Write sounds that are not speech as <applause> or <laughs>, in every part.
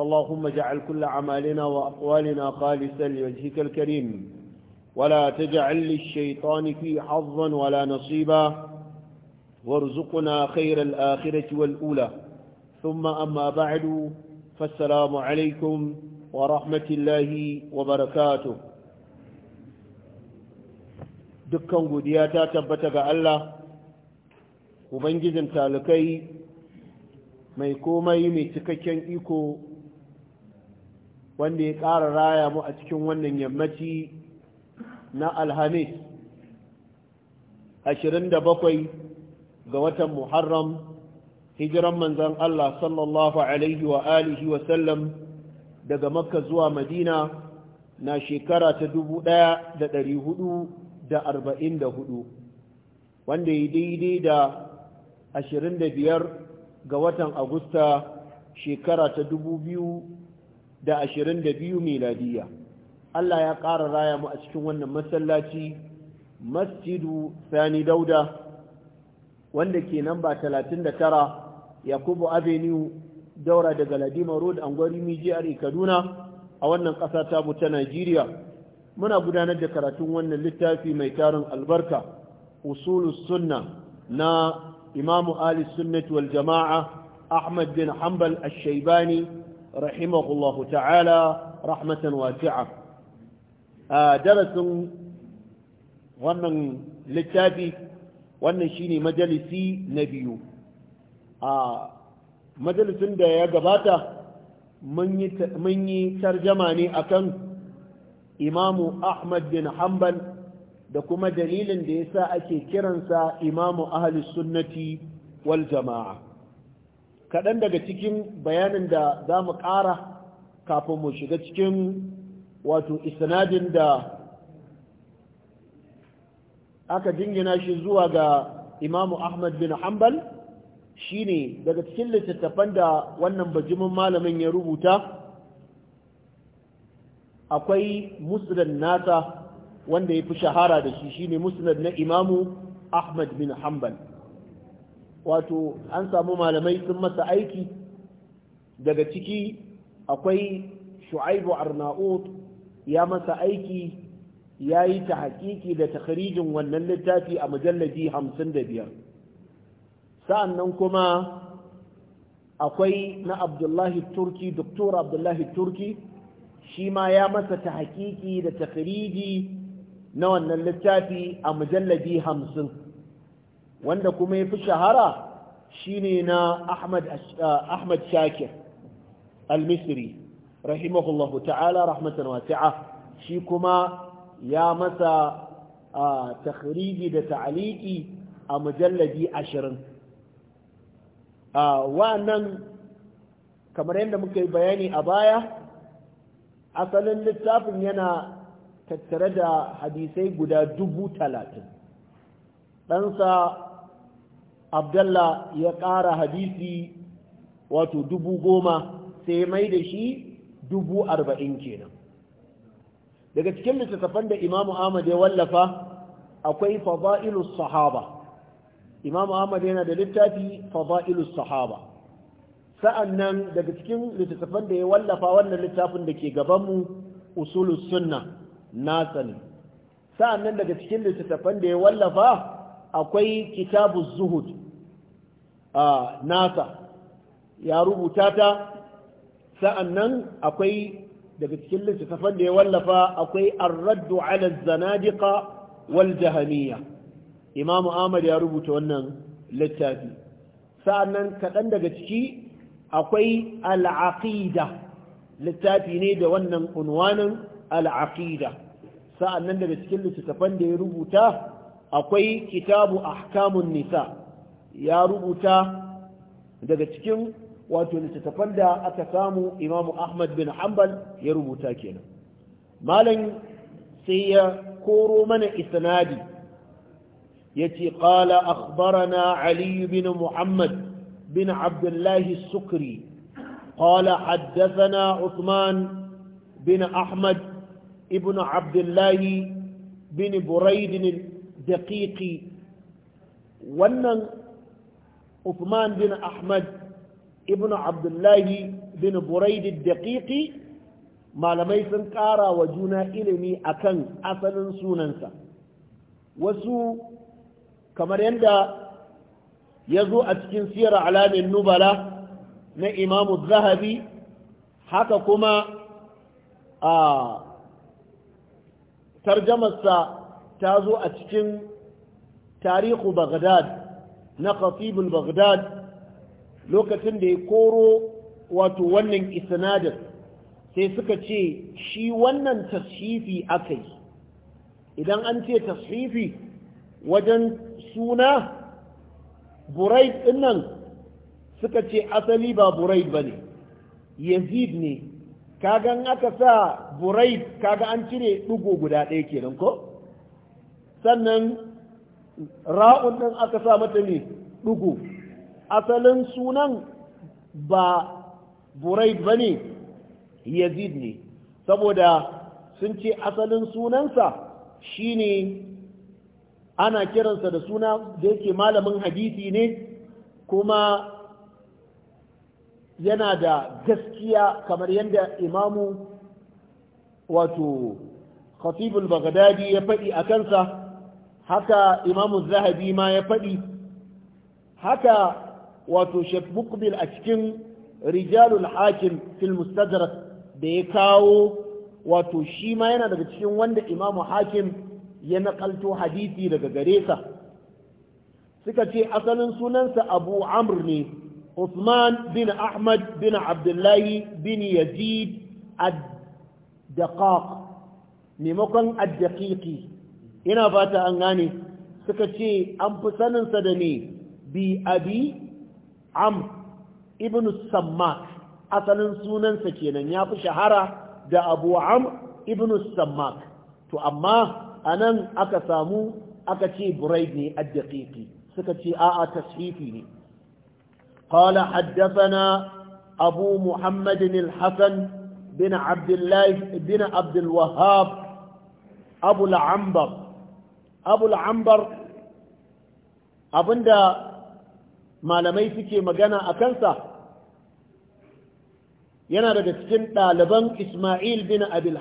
فاللهم اجعل كل عمالنا وأقوالنا خالصا لوجهك الكريم ولا تجعل للشيطان في حظا ولا نصيبا وارزقنا خير الآخرة والأولى ثم أما بعد فالسلام عليكم ورحمة الله وبركاته دكان قدياتا تبتك الله وبنجزم تالكي ميكومي ميتككين إيكو wanda ya ƙara raya mu a cikin wannan yammaci na alhamis 27 ga watan muharram hijiran manzan Allah sallallahu alaihi wa alihi daga makka zuwa madina na shekara ta 1444 wanda ya daidai da 25 ga watan agusta shekara ta da ashirin da biyu miladiya Allah ya ƙara raya mu a cikin wannan masallaci masjidu sani dauda wanda ke nan ba talatin da tara yakubu avenue daura daga ladima road angwari mijiyar kaduna a wannan ƙasa tamu ta najeriya muna gudanar da karatun wannan littafi mai tarin albarka usulus sunna na imamu ali sunnati wal jama'a ahmad bin hanbal ash-shaybani رحمه ta'ala rahmatan رحمة واسعة درس wannan littafi wannan shine majalisi na biyu a majalisin da ya gabata mun yi tarjama ne akan imamu ahmad bin hanbal da kuma dalilin da ya sa ake kiransa imamu ahli sunnati wal jama'a kaɗan daga cikin bayanin da za mu ƙara kafin mu shiga cikin wato isnadin da aka jingina shi zuwa ga imamu ahmad bin hanbal shine daga cikin littattafan da wannan bajimin malamin ya rubuta akwai musnad nata wanda ya fi shahara da shi shine musnad na imamu ahmad bin hanbal wato an samu malamai sun masa aiki daga ciki akwai shu'aibu arnaut ya masa aiki ya yi ta da takharijin wannan littafi a mujallaji hamsin da biyar sa'annan kuma akwai na abdullahi turki doktor abdullahi turki shi ma ya masa ta da takhariji na wannan littafi a mujallaji hamsin wanda kuma ya fi shahara shine na uh, ahmad shakir al-misri rahimahullahu ta'ala rahmatan wasi'a shi kuma ya masa uh, takhriji da ta'aliki a mujalladi ashirin uh, wa'annan kamar yadda muka yi bayani a baya asalin littafin yana tattare da hadisai guda dubu talatin ɗansa abdallah ya ƙara hadisi wato dubu goma sai mai da shi dubu arba'in kenan daga cikin littattafan da imamu ahmad ya wallafa akwai fada'ilus sahaba imamu ahmad yana da littafi fada'ilus sahaba sa'annan daga cikin littattafan da ya wallafa wannan littafin da ke gabanmu usulus sunna nasa ne sa'annan daga cikin littattafan da ya wallafa akwai kitabu zuhud a nasa ya rubuta ta sa'annan akwai daga cikin littattafan da ya wallafa akwai arraddu ala zanadiqa wal jahamiyya imam ahmad ya rubuta wannan littafi sa'annan kaɗan daga ciki akwai al'aqida littafi ne da wannan unwanin al'aqida sa'annan daga cikin littattafan da ya rubuta akwai kitabu ahkamun nisa ya rubuta daga cikin wato littattafan da aka samu imamu ahmad bin hanbal ya rubuta kenan malam sai ya koro mana isnadi yace ƙala akbarana aliyu bin muhammad bin abdullah as-sukri qala haddathana usman bin ahmad ibn abdullahi bin burayd daƙiƙi wannan Uthman bin Ahmad ibn Abdullahi bin Buraidi daƙiƙi malamai sun ƙara wa juna ilimi akan asalin sunansa wasu kamar yadda ya zo a cikin siyar alamin nubala na imamu zahabi haka kuma a tarjamarsa ta zo a cikin tarihu Bagdad na khatibul baghdad lokacin da ya koro wato wannan isnadin sai suka ce shi wannan tashifi akai idan an ce tashifi wajen suna buraid dinnan suka ce asali ba buraid bane yazid ne kaga aka sa buraid kaga an cire dugo guda ɗaya kenan ko sannan ra'un ɗin aka sa mata ne ɗugu asalin sunan ba burai ba ne yazid ne saboda sun ce asalin sunansa shine ana kiransa da suna da yake malamin hadisi ne kuma yana da gaskiya kamar yadda imamu wato khatibul bagdadi ya faɗi a kansa haka imamu zahabi ma ya faɗi haka wato shek mukbil a cikin rijalul hakim fil mustadrak da ya kawo wato shi ma yana daga cikin wanda imamu hakim ya naƙalto hadisi daga gare sa suka ce asalin sunansa abu amr ne usman bin ahmad bin abdullahi bin yazid ad-daqaq maimakon ad-daqiqi ina fata an gane suka ce an fi saninsa da ne bi abi am ibn sammak asalin sunansa kenan ya fi shahara da abu am ibn sammak to amma a nan aka samu aka ce buraid ne a suka ce a'a tasfifi ne قال حدثنا abu محمد الحسن بن عبد الله بن عبد الوهاب abul ambar abinda malamai suke magana a kansa yana daga cikin ɗaliban ismail bin abil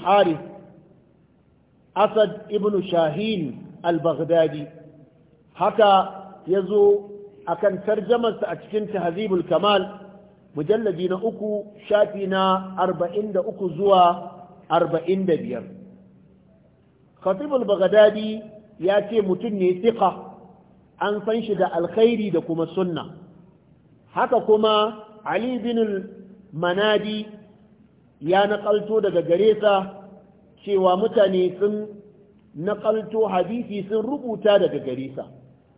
asad ibn shahin al-baghdadi haka ya zo a kan tarjamarsa a cikin tahzibul kamal mujallabi na uku shafi na arba'in da uku zuwa arba'in da biyar khatibul baghdadi ya ce mutum ne tsika an san shi da alkhairi da kuma sunna haka kuma ali bin manadi ya nakalto daga gare sa cewa mutane sun nakalto hadisi sun rubuta daga gare sa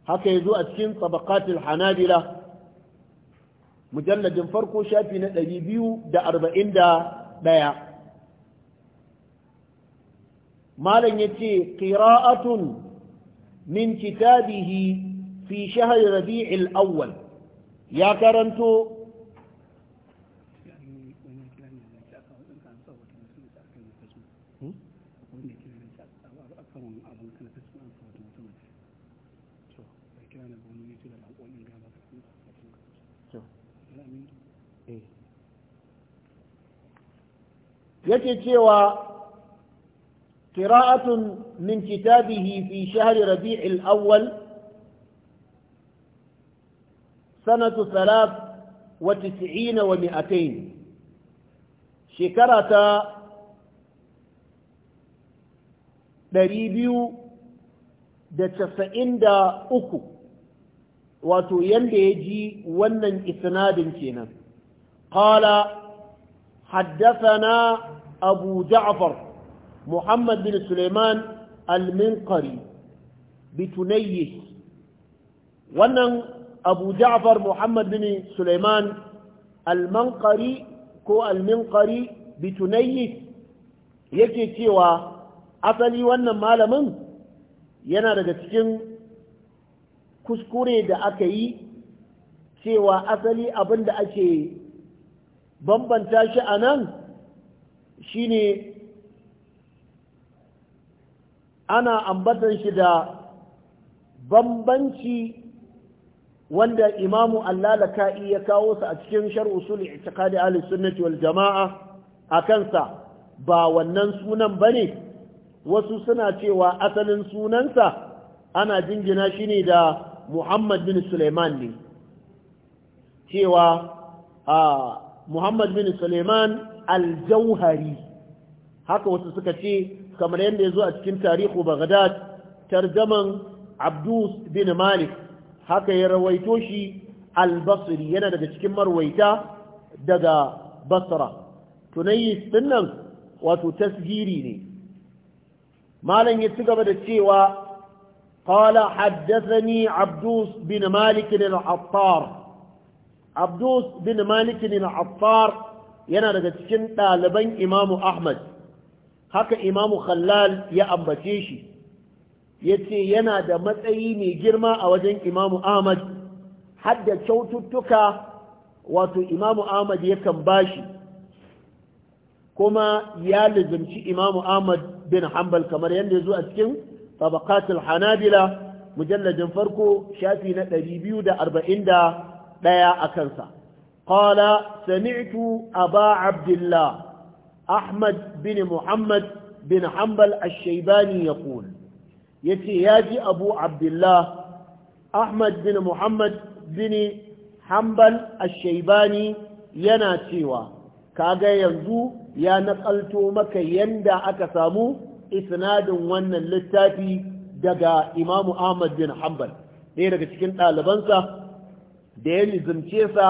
haka ya zo a cikin tabakatul hanabila mujalladin farko shafi na ɗari biyu da da ɗaya. malam ya ce ƙira'atun من كتابه في شهر ربيع الأول يا كرنتو yake cewa قراءة من كتابه في شهر ربيع الأول سنة ثلاث وتسعين ومئتين شكرة دريبيو da casa'in da uku wato yadda ya ji wannan isnadin kenan قال حدثنا أبو جعفر محمد بن سليمان المنقري بتنيس wannan abu ja'far muhammad bin suleiman almanqari ko alminqari bitunayyis yake cewa asali wannan malamin yana daga cikin kuskure da aka yi cewa asali abin da ake bambanta shi a nan shine ana ambatan shi da bambanci wanda imamu allalaka'i ya kawo sa a cikin shar'u sulh i'tiqadi ahli sunnati wal jama'a akan ba wannan sunan bane wasu suna cewa asalin sunansa ana jingina shi ne da Muhammad bin Suleiman ne cewa a Muhammad bin Suleiman al-Jauhari haka wasu suka ce kamar yadda ya zo a cikin tarihu baghdad tarjaman abdus bin malik haka ya rawaito shi albasri yana daga cikin marwaita daga basra tunayis dinnan wato tasgiri ne malam ya ci gaba da cewa abdus bin malik بن مالك abdus bin malik مالك العطار yana daga cikin ɗaliban imamu ahmad haka imamu khallal ya ambace shi ya ce yana da matsayi mai girma a wajen imamu ahmad hadda kyaututtuka wato imamu ahmad yakan bashi kuma ya lizimci imamu ahmad bin hanbal kamar yadda ya zo a cikin tabaqatul hanabila mujalladin farko shafi na 241 a kansa kala sami'tu aba abdullah أحمد بن محمد بن حنبل الشيباني يقول يتي ياجي أبو عبد الله أحمد بن محمد بن حنبل الشيباني يناتيوا كاغا ينزو يا نقلتو مك يندا أكسامو إسناد ون للتاتي دقا إمام أحمد بن حنبل ليه لك تكنت ألبنسة da ya nizance sa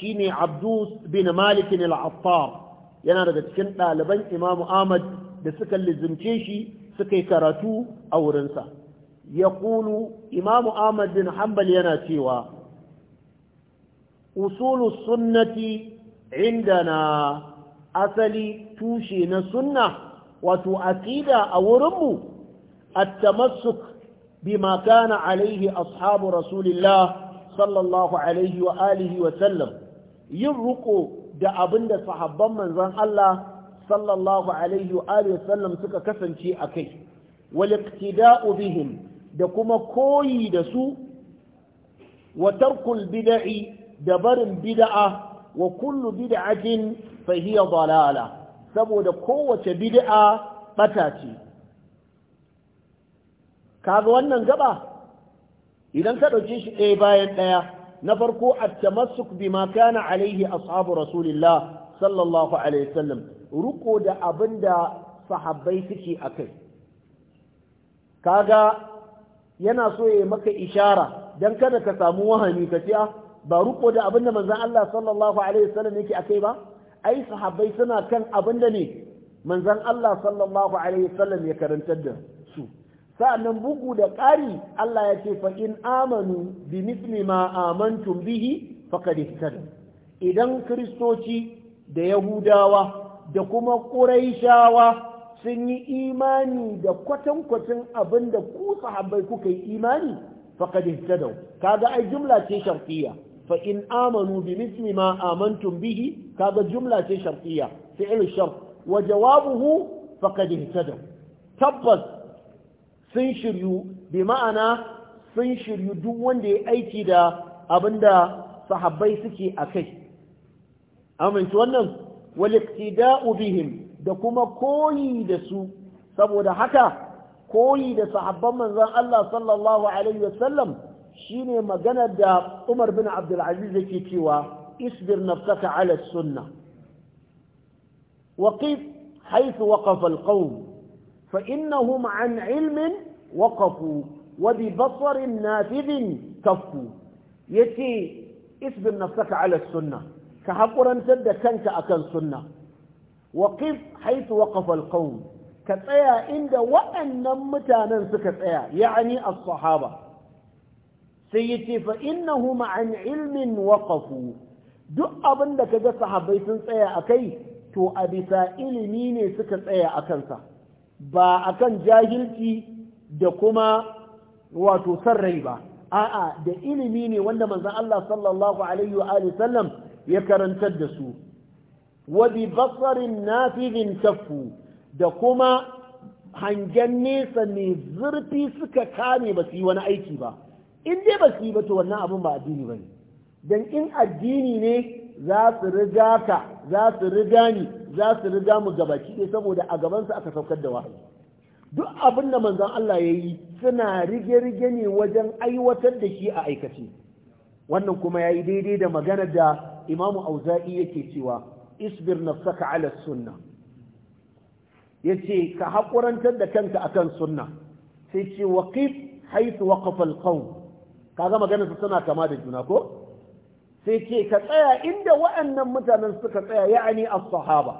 shine Abdus bin Malik al-Affar yana daga cikin ɗaliban imamu ahmad da suka lizimce shi suka yi karatu a wurinsa ya kulu imamu ahmad bin hanbal yana cewa usulu sunnati indana asali tushe na sunna wato aqida a wurinmu at-tamassuk bimakana kana alaihi ashabu rasulillah sallallahu alaihi wa wa sallam yin ruko da abin da sahabban manzon Allah sallallahu alaihi wa suka kasance a kai wal bihim da kuma koyi da su wa tarkul bid'i da barin bid'a wa kullu bid'atin fa hiya dalala saboda kowace bid'a bata ce kaga wannan gaba idan ka ɗauke shi ɗaya bayan ɗaya na farko at-tamassuk bima kana alaihi ashabu rasulillah sallallahu alaihi wasallam ruko da abinda sahabbai suke akai kaga yana so ya maka ishara don kada ka samu wahani ka ce ah, ba ruko da abinda manzon Allah sallallahu alaihi wasallam yake akai ba ai sahabbai suna kan abinda ne manzan Allah sallallahu alaihi wasallam ya karantar da sa'annan bugu da ƙari Allah ya ce fa'in amanu bi misli ma amantum bihi faqad idan kiristoci da yahudawa da kuma quraishawa sun yi imani da kwatankwacin abin da ku sahabbai kuka yi imani faqad ihtadaw kaga ai jumla ce shafiya, fa amanu bi misli ma amantum bihi kaga jumla ce ta fi'il shart wa jawabuhu faqad ihtadaw tabbas sun shiryu bi ma'ana sun shiryu duk wanda ya aiki da abinda sahabbai suke a kai aminci wannan waliktida'u bihim da kuma koyi da su saboda haka koyi da sahabban manzon Allah sallallahu alaihi wasallam shine maganar da Umar bin abdulaziz yake cewa isbir nafsaka ala sunna waqif haifi waqafa alqawm فإنهم عن علم وقفوا وببصر نافذ كفوا يتي اثبت نفسك على السنة كحقرا تد كنك أكل سنة وقف حيث وقف القوم كتايا عند وأن متانا سكتايا يعني الصحابة سيتي فإنهم عن علم وقفوا duk abin da ka ga sahabbai sun tsaya a kai to a bisa ilimi ne suka tsaya a kansa ba akan jahilci da kuma wato san rai ba a'a da ilimi ne wanda manzon Allah sallallahu alaihi wa alihi sallam ya karantar da su wa bi basarin nafidin tafu da kuma hangen nesa ne zurfi suka kame ba su yi wani aiki ba in dai ba su yi ba to wannan abun ba addini ba ne don in addini ne za su riga ka za su riga ni za su riga mu gabaki ne saboda a gabansu aka saukar da wahayi duk abin da manzon Allah ya yi suna rige-rige ne wajen aiwatar da shi a aikace wannan kuma ya yi daidai da magana da imamu auza'i yake cewa isbir nafsaka ala sunna ya ce ka haƙurantar da kanka akan sunna sai ce waqif haythu waqafa alqawm kaga maganar su tana kama da juna ko sai ce ka tsaya inda wa'annan mutanen suka tsaya ya'ani a sahaba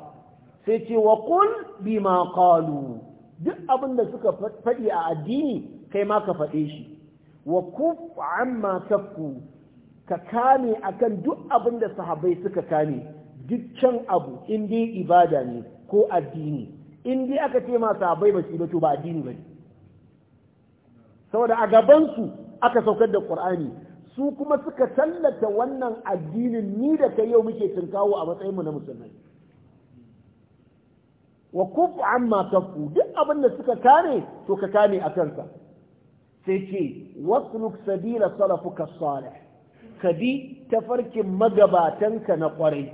sai ce wa qul bima qalu duk abin da suka faɗi a addini kai ma ka faɗe shi wa kuf amma kafku ka kame akan duk abin da sahabbai suka kame duk can abu in dai ibada ne ko addini in aka ce ma sahabbai ba su ba to ba addini bane saboda a gabansu aka saukar da Ƙur'ani. su kuma suka tallata wannan addinin ni da kai yau muke tunkawo a matsayinmu na musulmai wa kufu amma kafu duk abin da suka kare to ka kame a kansa sai ce wasluk sabila salafuka salih ka bi tafarkin magabatanka na kwarai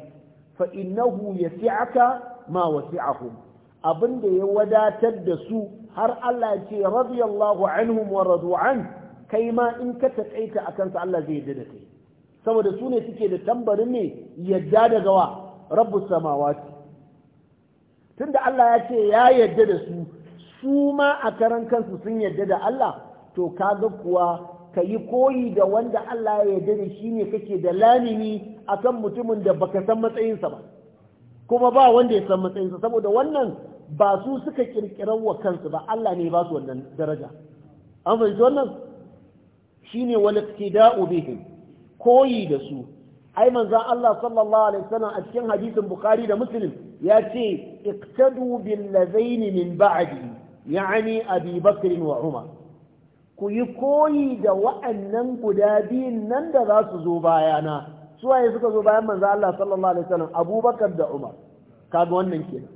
fa innahu yasi'aka ma wasi'ahum abin da ya wadatar da su har Allah ya ce radiyallahu anhum wa radu an kai ma in ka taƙaita a kansa Allah zai yarda da kai saboda su ne suke da tambarin ne yarda da gawa rabbus samawati tunda Allah ya ce ya yarda da su su ma a karan kansu sun yarda da Allah to kaga kuwa ka yi koyi da wanda Allah ya yarda da shi ne kake da a kan mutumin da baka san matsayinsa ba kuma ba wanda ya san matsayinsa saboda wannan ba su suka kirkirar wa kansu ba Allah ne ba su wannan daraja an fahimci wannan shine walittida'u bihim koyi da su ai manzon Allah sallallahu alaihi wasallam a cikin hadisin Bukhari da Muslim ya ce iktadu bil ladaini min ba'di yani Abi Bakr wa Umar ku yi koyi da wa'annan guda biyun nan da za su zo bayana suwaye suka zo bayan manzo Allah sallallahu alaihi wasallam Abubakar da Umar kaga wannan kenan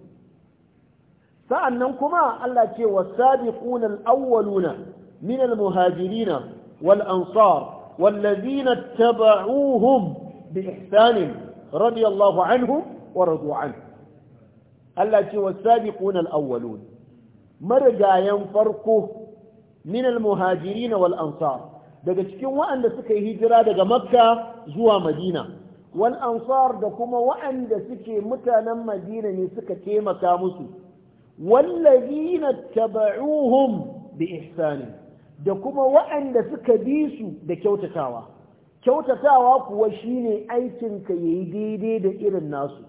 sa'annan kuma Allah ce wa sabiquna al-awwaluna min al-muhajirina والأنصار والذين اتبعوهم بإحسان رضي الله عنهم ورضوا عنه التي والسابقون الأولون مرجع ينفرقه من المهاجرين والأنصار daga cikin waɗanda suka yi hijira daga makka zuwa madina wal ansar da kuma waɗanda suke mutanen madina ne suka taimaka musu wallazina taba'uhum bi ihsanin da kuma waɗanda suka bi su da kyautatawa kyautatawa kuwa shine aikinka ya yi daidai da irin nasu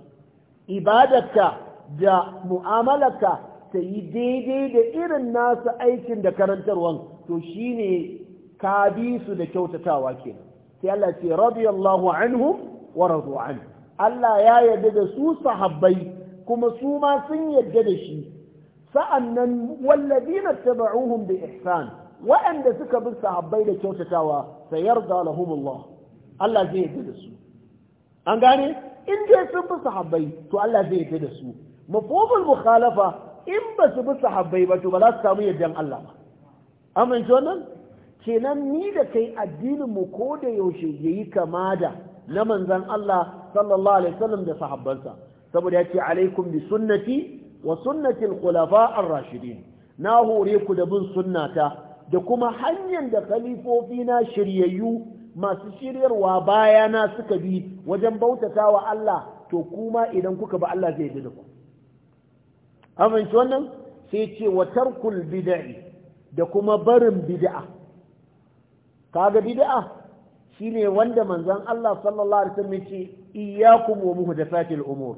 ibadarka da mu'amalarka ta yi daidai da irin nasu aikin da karantarwan to shine ka bi su da kyautatawa kenan sai Allah ce radiyallahu anhu wa radu anhu Allah ya yarda da su sahabbai kuma su ma sun yarda da shi sa'annan walladina tabauhum bi ihsan waɗanda suka bi sahabbai da kyautatawa sai yarda lahumullah Allah zai yarda da su an gane in dai sun bi sahabbai to Allah zai yarda da su mafhumul mukhalafa in ba su bi sahabbai ba to ba za su samu yardan Allah ba amin wannan kenan ni da kai addinin mu ko da yaushe yayi kama da na manzon Allah sallallahu alaihi wasallam da sahabbansa saboda yace alaikum bi sunnati wa sunnati al-khulafa ar-rashidin na hore ku da bin sunnata da kuma hanyar da khalifofi na shiryayyu masu shiryarwa bayana suka bi wajen bautata wa Allah to kuma idan kuka ba Allah zai da ku amince wannan sai ce wa tarkul bid'a, da kuma barin bid'a kaga bid'a shine wanda manzon Allah sallallahu alaihi wasallam yace iyyakum wa muhdathatil umur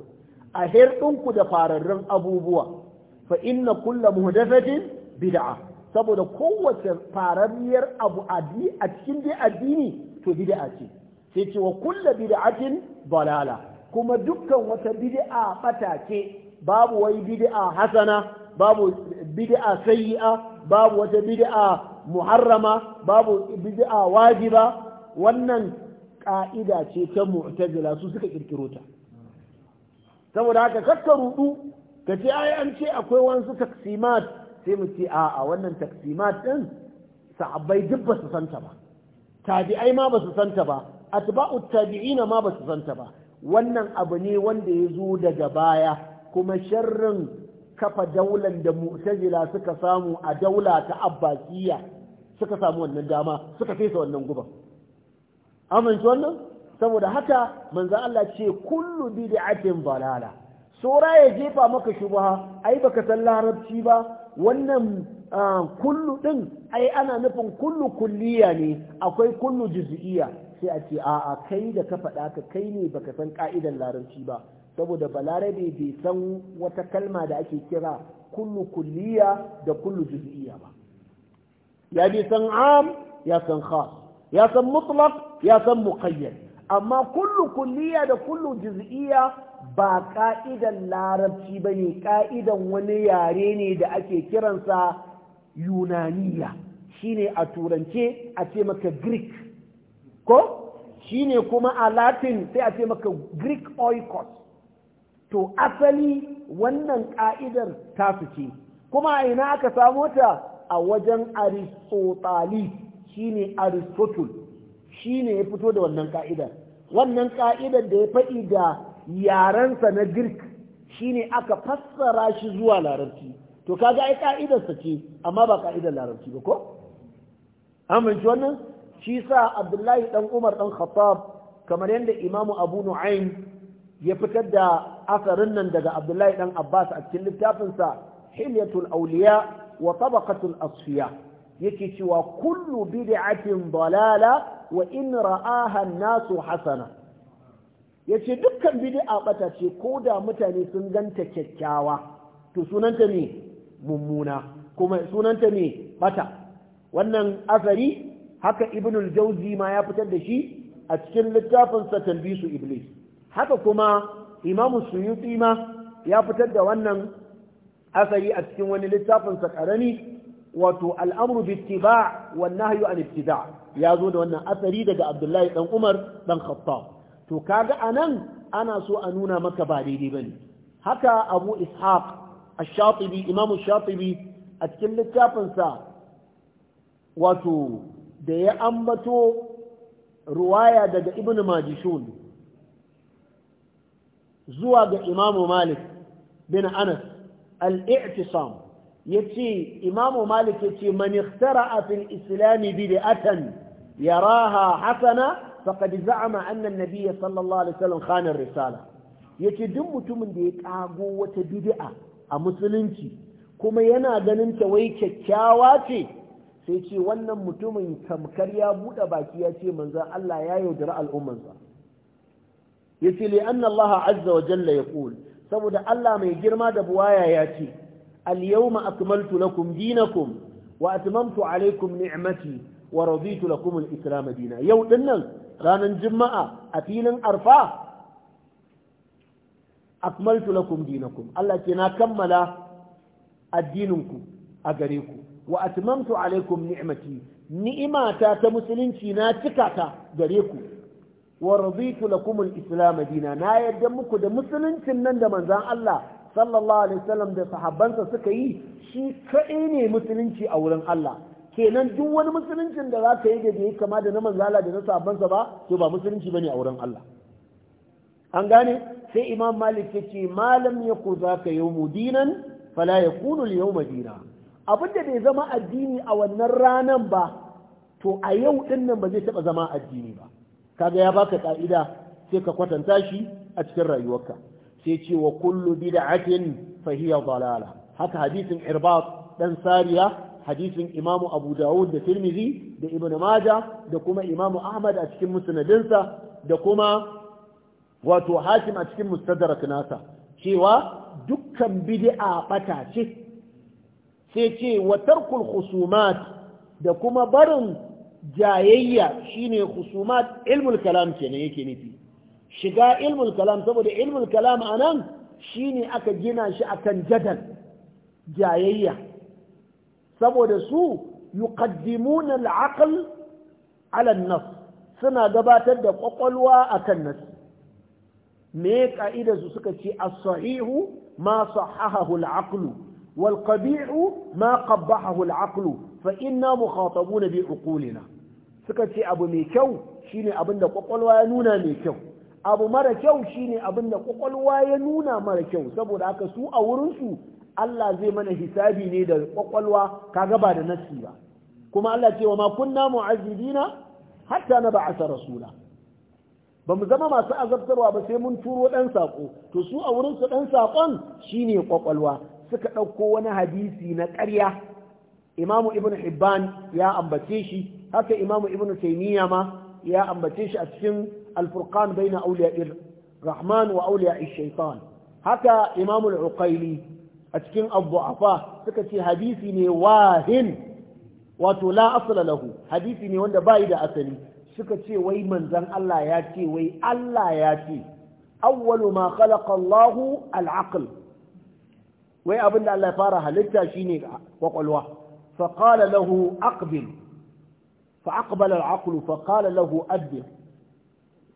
a hirdinku da fararrun abubuwa fa inna kullu muhdathatin bid'a saboda kowace fararriyar abu a cikin dai addini to bid'a ce sai ce wa kullu bid'atin dalala kuma dukkan wata bid'a bata ce babu wai bid'a hasana babu bid'a sayyi'a babu wata bid'a muharrama babu bid'a wajiba wannan ka'ida ce ta mu'tazila su suka kirkiro ta saboda haka kakkarudu kace ka ce ai an ce akwai wasu taksimat sai mu ce a a wannan taksimat din sahabbai duk ba su santa ba tabi'ai ma ba su santa ba atba'u tabi'ina ma ba su santa ba wannan abu ne wanda ya zo daga baya kuma sharrin kafa daular da mu'tazila suka samu a daula ta abbasiyya suka samu wannan dama suka fesa wannan guban amince wannan saboda haka manzo Allah ce kullu bid'atin balala sura ya jefa maka shubha ai baka san larabci ba wannan kullu ɗin, ai ana nufin kullu kulliya ne akwai kullu juz'iyya sai a ce a'a kai da ka faɗa ka kai ne baka san ka'idan larabci ba saboda balarabe bai san wata kalma da ake kira kullu kulliya da kullu juz'iyya ba ya bi san am ya san khas ya san mutlaq ya san muqayyad amma kullu kulliya da kullu juz'iyya ba ka'idan larabci ba ne ka'idan wani yare ne da ake kiransa yunaniya shi ne a turance a ce maka greek ko ne kuma a latin sai a ce maka greek oikos to asali wannan ka'idar tasu ce kuma a ina aka samo ta a wajen aristotali ne aristotle shi ne ya fito da wannan ka'idar wannan ka'idar da ya faɗi da yarensa na girk shine aka fassara shi zuwa larabci to kaga ai ka'idarsa ce amma ba ka'idar larabci ba ko amince wannan shi sa abdullahi dan umar dan khattab kamar yadda imamu abu nu'aym ya fitar da asarin nan daga abdullahi dan abbas a cikin littafinsa hilyatul awliya wa tabaqatul asfiya yake cewa kullu bid'atin dalala wa in ra'aha an-nasu hasana ya ce dukkan bid'a bata ce ko da mutane sun ganta kyakkyawa to sunanta ne mummuna kuma sunanta ne bata wannan asari haka ibnul jauzi ma ya fitar da shi a cikin littafinsa talbisu iblis haka kuma imamu suyuti ma ya fitar da wannan asari a cikin wani littafinsa karami wato al'amru bittiba wa nahyu an ibtida ya zo da wannan asari daga abdullahi dan umar dan khattab to kaga anan ana so a nuna maka ba daidai bane haka abu ishaq ash-shatibi imam ash-shatibi a cikin littafinsa wato da ya ambato ruwaya daga ibn majishun zuwa ga imamu malik bin anas al-i'tisam yace imamu malik yace man ikhtara'a fil islam bid'atan yaraha hasana faqad za'ama anna an-nabiy sallallahu alaihi wasallam khana risala yace duk mutumin da ya kago wata bid'a a musulunci kuma yana ganin ta wai kyakkyawa ce sai ce wannan mutumin tamkar ya bude baki ya ce manzon Allah ya yaudara al'ummansa yace li anna Allah azza wa jalla yaqul saboda Allah mai girma da buwaya ya ce al-yawma akmaltu lakum dinakum wa atmamtu alaykum ni'mati wa raditu lakum al-islam dinan yau dinnan ranar juma'a a filin arfa akmaltu lakum dinakum Allah ce na kammala addininku a gare ku wa atmamtu alaikum ni'mati ni'imata ta musulunci na cika ta gare ku wa raditu lakum na yadda muku da musuluncin nan da manzon Allah sallallahu alaihi wasallam da sahabbansa suka yi shi kai ne musulunci a wurin Allah kenan duk wani musuluncin da za ka yi da bai kama da na manzala da na sabansa ba to ba musulunci ba ne a wurin Allah an gane sai imam malik ya ce malam ya ku za ka yau dinan fala ya kunu yau madina abin da bai zama addini a wannan ranan ba to a yau din nan ba zai taba zama addini ba kaga ya baka ka'ida sai ka kwatanta shi a cikin rayuwarka sai ce wa kullu bid'atin fa hiya dalala haka hadisin irbat dan sariya hadisin imamu abu dawud da tirmizi da ibn maja da kuma imamu ahmad a cikin musnadinsa da kuma wato hakim a cikin mustadrak nasa cewa dukkan bid'a bata ce sai ce wa tarkul khusumat da kuma barin jayayya shine khusumat ilmul kalam kenan yake nufi shiga ilmul kalam saboda ilmul kalam anan shine aka gina shi akan jadal jayayya saboda su yuqaddimuna al-aql ala an-nas suna gabatar da kwakwalwa akan nas me ka'ida su suka ce as-sahihu ma sahahahu al-aql wal qabihu ma qabbahahu al-aql fa inna mukhatabuna bi uqulina suka ce abu mai kyau shine abinda kwakwalwa ya nuna mai kyau abu mara kyau shine abinda kwakwalwa ya nuna mara kyau saboda haka su a wurinsu Allah zai mana hisabi ne da kwakwalwa kaga ba da nassi ba kuma Allah ce wa ma kunna mu'azzibina hatta na ba'asa rasula ba mu zama masu azabtarwa ba sai mun turo dan sako to su a wurin su dan sakon shine kwakwalwa suka ɗauko wani hadisi na ƙarya Imam ibn hibban ya ambace shi haka Imam ibn taymiya ma ya ambace shi a cikin al-furqan baina awliya rahman wa awliya ash-shaytan haka Imam al-uqayli a cikin abu afa suka ce hadisi ne wahin wato la asala lahu hadisi ne wanda bayi da asali suka ce wai manzan Allah ya ce wai Allah ya ce awwalu ma khalaqa Allahu al-aql wai abinda Allah ya fara halitta shine kwakwalwa fa qala lahu aqbil fa aqbala al-aql fa qala lahu adbir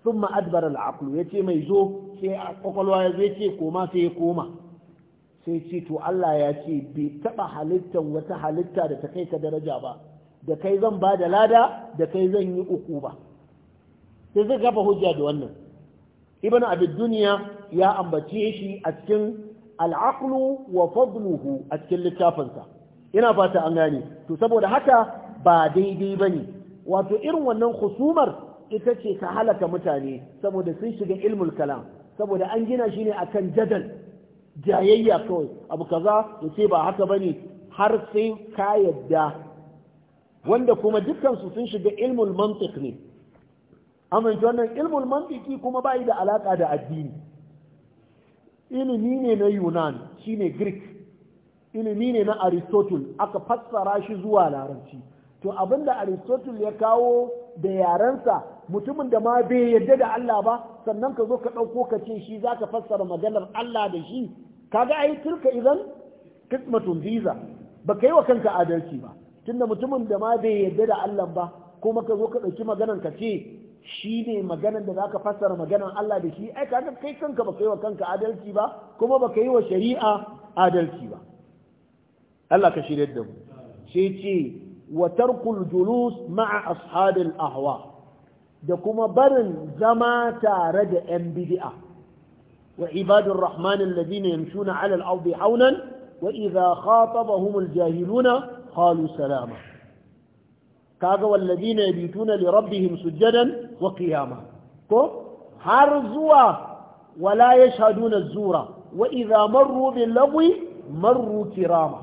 thumma adbara al-aql yace mai zo sai kwakwalwa ya zo yace koma sai ya koma sai ce to Allah ya ce bai taɓa halittar wata halitta da ta kai ka daraja ba da kai zan ba da lada da kai zan yi uku ba sai zai gafa hujja da wannan ibn abid duniya ya ambace shi a cikin al'aqlu wa fadluhu a cikin littafinsa ina fata an gane to saboda haka ba daidai bane wato irin wannan husumar ita ce ta halaka mutane saboda sun shiga ilmul kalam saboda an gina shi ne akan jadal jayayya kawai abu kaza ya ce ba haka ba ne har sai ka yadda wanda kuma dukansu sun shiga ilmul mantik ne amince wannan ilmul mantiki kuma bai da alaka da addini ilimi ne na yunan shine greek ilimi ne na aristotle aka fassara shi zuwa larabci to abinda aristotle ya kawo da yarensa mutumin da ma bai yadda da Allah ba sannan ka zo ka ɗauko ka ce shi za ka fassara maganar Allah da shi kaga ai tilka idan kismatun visa ba ka yi wa kanka adalci ba tunda mutumin da ma bai yadda da Allah ba kuma ka zo ka ɗauki maganar ka ce shi ne maganar da za ka fassara maganar Allah da shi ai kaga kai kanka ba ka yi wa kanka adalci ba kuma ba ka yi wa shari'a adalci ba Allah ka shirya da mu sai ce wa tarkul julus ma'a ashabil ahwa da kuma barin zama tare da 'yan bidi'a wa ibadun rahmanin lazina yamshuna alal ardi haunan wa idza khatabahum aljahiluna qalu salama kaga wallazina yabituna li rabbihim sujadan wa qiyama ko har zuwa wala yashhaduna az-zura wa idza marru bil lagwi marru kirama